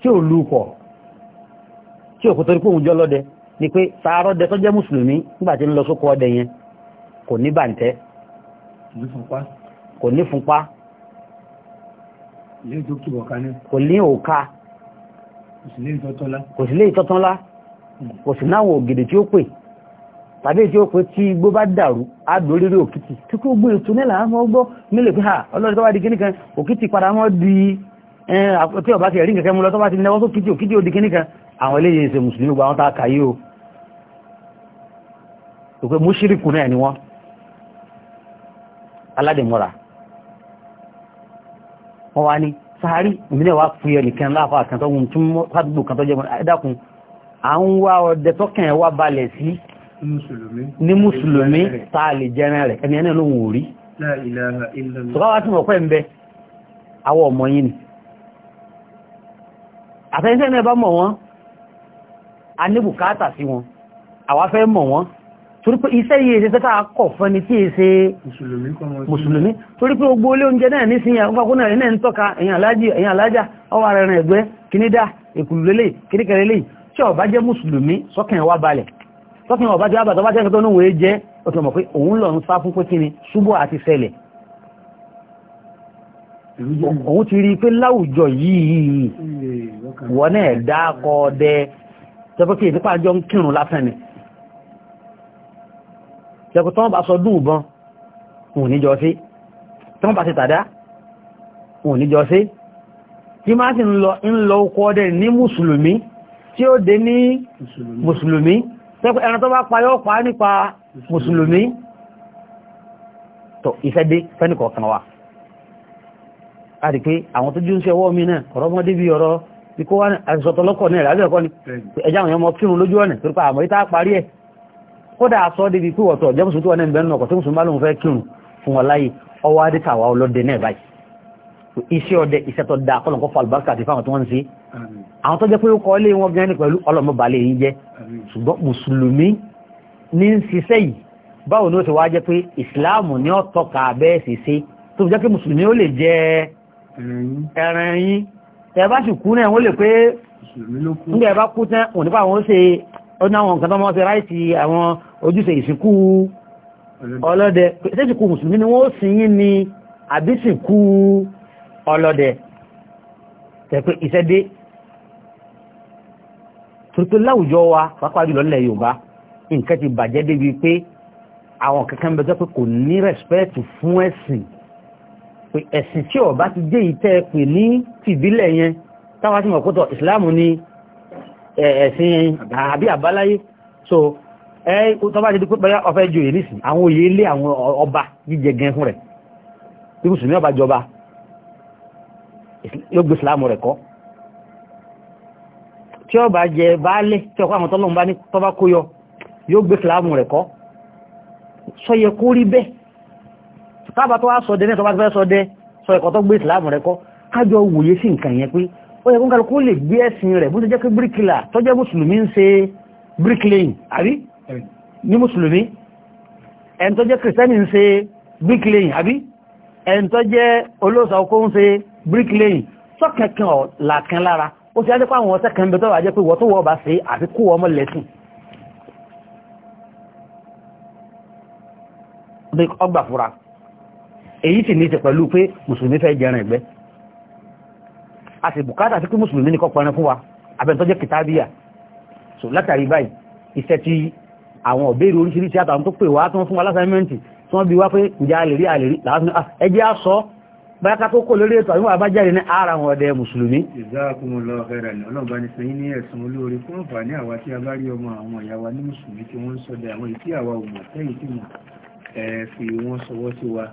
[SPEAKER 2] tí ò lúkọ̀ tí ò kò torí pé òun jọ lọ́dẹ ni pé sàárọ̀ ọdẹ tó jẹ́ mùsùlùmí nígbà tí ń lọ sóko ọdẹ yẹn kò ní bàǹtẹ́ kò ní fúnpá kò ní òka kò sí lé ìtọ́tọ́lá kò sí hmm. náà ògèdè tí ó pè tàbí tí ó pé tí igbó bá dàrú adórírí òkìtì tí kò gbé ètò nílà àwọn ọgbọ́ nílẹ̀ pé ha ọlọ́rin tó bá di kíní kan òkìtì padà wọ́n di tí ọba ti ẹ̀rí kẹ̀kẹ́ mú lọ tó bá ti nẹwọ́ tó kìtì òkìtì ó di kíní kan àwọn eléyìí ṣe mùsùlùmí gba wọn tá a kà yí o tó pé mùṣírìkù náà ni wọ́n aládèmọ́ra wọ́n wá ní sáré ìmìnira wa fi ẹnìkan láàfà kan tó tún fàdúgbò kan jẹ́ dákun à ń wá balẹ̀ sí
[SPEAKER 1] ní mùsùlùmí
[SPEAKER 2] tàà lè jẹ́rẹ́ rẹ̀ ẹni ẹni olóhun ò rí ṣùgbọ́n wá tí mọ̀ pẹ́ ń bẹ àwọ̀ ọmọ yìí ni àtẹ́sẹ́ ní ẹbá mọ̀ wọ́n a ní bùkátà sí wọn àwa fẹ́ mọ̀ wọ́n torí pé iṣẹ́ yìí ṣe tẹ́ta kọ̀ fún ni tí ṣe mùsùlùmí torí pé gbogbo olé oúnjẹ náà nísìnyí àkókò náà ẹ̀yìn tọ́ka tọ́kí wọn bá jẹ́ àbàtọ́ bá jẹ́ tó níwòye jẹ́ òkè mọ̀ pé òun lọ ń sá fún pé kíni ṣubú àti ṣẹlẹ̀ òun ti rí i pé láwùjọ yìí wọ́n náà dá kọ́ dẹ tọ́pẹ́ kí ìdípa jọ ni tẹ́kọ̀ tí máa ti ń lọ ọkọ̀ ọdẹ ní mùsùlùmí tí ó dé ní mùsùlùmí tẹ́kọ̀ ẹran tó bá pa yóò pa nípa mùsùlùmí tó ìfẹ́dé fẹ́nìkọ̀ kan wa a rí pé àwọn tó jú ń ṣe ọwọ́ mi náà ọ̀rọ̀ ọmọdé bí ọ̀rọ̀ bí kó wá àṣìṣọ́tọ̀lọ́kọ̀ náà ìrẹ́lẹ̀ ẹ̀kọ́ ni ẹjá àwọn ọmọ kírun lójú ọ̀nà torí pa àmọ́ ìta parí ẹ̀ kódà aṣọ́ débi pé wọ̀tọ̀ jẹ́ mùsùlùmí wà náà ìbẹ̀rún ọkọ̀ tí mùsùlùmí bá lóun fẹ́ kírun fún wọn láyé ọwọ́ adétàwà ọlọ́dẹ náà báyìí iṣẹ́ ọdẹ iṣẹ́ tó dáa kọ́lọ̀kọ́ fàlùbáríkà àti fáwọn tí wọ́n ń ṣe àwọn tó jẹ́ pé ó kọ́ lé wọn gan ní pẹ̀lú ọlọ́mọbalẹ̀ yìí jẹ́ ṣùgbọ́n mùsùlùmí ní ń ṣiṣẹ́ yìí báwo ni ó ti wá jẹ́ pé ìsìláàmù ní ọ̀tọ̀ka bẹ́ẹ̀ sì ṣe tó jẹ́ pé mùsùlùmí ó lè jẹ ẹran yín tẹ́ bá sì náà wọ́n lè pé nígbà bá kú tán wọ́n nípa àwọn ṣe ó àwọn nǹkan tó mọ́ ṣe ráìtì àwọn ojúṣe ìsìnkú ọlọ́dẹ ṣé ìsìnkú mùsùlùmí ni wọ́n ó sìn yín ni àbí ọlọ́dẹ tẹ́ pé ìṣẹ́dé torípé láwùjọ wa pàápàá jùlọ nílẹ̀ yorùbá nǹkan ti bàjẹ́ débi pé àwọn kankan bẹ tó pé kò ní rẹ́spẹ́ẹ̀tì fún ẹ̀sìn pé ẹ̀sìn tí ọba ti dé ìtẹ́ pè ní tìbílẹ̀ yẹn táwa ti mọ̀ kótó ìsìláàmù ni ẹ̀sìn àbí àbáláyé so ẹ tó bá ti di pípẹ́ ọ̀fẹ́ joyè nísìn àwọn òye ilé àwọn ọba jíjẹ gan fún rẹ̀ bí mùsùlùmí ọba jọba yóò gbé ìsìláàmù rẹ̀ kọ́ tí ó bá jẹ baálẹ̀ tí ọkọ̀ àwọn tọ́lọ́run bá ní tọ́bá kó yọ yóò gbé kìláàmù rẹ̀ kọ́ sọyẹ kó rí bẹ́ẹ̀ tábà tó wá sọdẹ ní tọ́bá tó fẹ́ sọdẹ sọyẹ kọ́ tó gbé kìláàmù rẹ̀ kọ́ kájọ wòye sí nǹkan yẹn pé ó yẹ kó nǹkan kó lè gbé ẹ̀sìn rẹ̀ bó ti jẹ́ pé bíríkìlà tó jẹ́ mùsùlùmí ń ṣe bíríkìlẹ̀yìn àbí ní mùsùlùmí ẹni tó jẹ́ kìrìsìtẹ́nì ń ṣe bíríkìlẹ̀yìn àbí ẹni tó jẹ́ olóòsà okó ń ṣe bíríkìlẹ̀yìn sọ́kẹ̀kẹ̀ ọ̀ làkẹ́ lára ó ti ajẹ́pá àwọn ọ̀sẹ́ kan bẹ̀tọ́ àjẹ́ pé wọ́n tó wọ́ bá sí àti kó ọmọ lẹ́sìn ọgbà fúra èyí sì ní ṣe pẹ̀lú pé mùsùlùmí fẹ́ jẹran ẹ̀gbẹ́ a sì bùkátà sí pé mùsùlùmí ní kọpẹrin fún wa abẹ́ntọ́jẹ́ kìtàbíyà so látàrí báyìí iṣẹ́ tí àwọn ọ̀bẹ́rẹ̀ oríṣiríṣi àtàwọn tó pè wá tó fún wa lásàmẹ́ntì tí wọ́n bí wá pé ìjà àlèrí àlèrí làwọn ah, ẹjẹ́ á sọ báyaka tó kò lórí ètò àwọn àbájáde ní ara wọn ọdẹ mùsùlùmí. Jazakumullahu khairan
[SPEAKER 1] ọlọ́ba ní sẹ́yìn ní ẹ̀sùn olóore fún àǹfààní àwa tí a bá rí ọmọ àwọn ìyá ní mùsùlùmí tí wọ́n ń sọdẹ àwọn ìtí àwa ò mọ̀ tẹ́yìn tí mọ̀ fi wọ́n sọwọ́ sí wa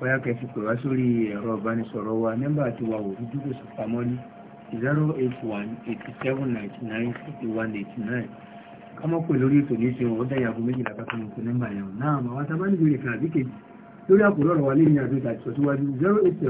[SPEAKER 1] bóyá kẹ́ fi sórí ẹ̀rọ ìbánisọ̀rọ̀ wa nẹ́mbà àti wa ò fi dúró sí ní zero eight one eighty seven ninety nine fifty one eighty nine kámọ́ pè lórí ètò ní ìṣe wọn ó dáyàwó méjìlá kákan ní lórí àkùrọ̀ ọ̀rọ̀ wa lẹ́yìn àdójà ìsọ̀síwájú 080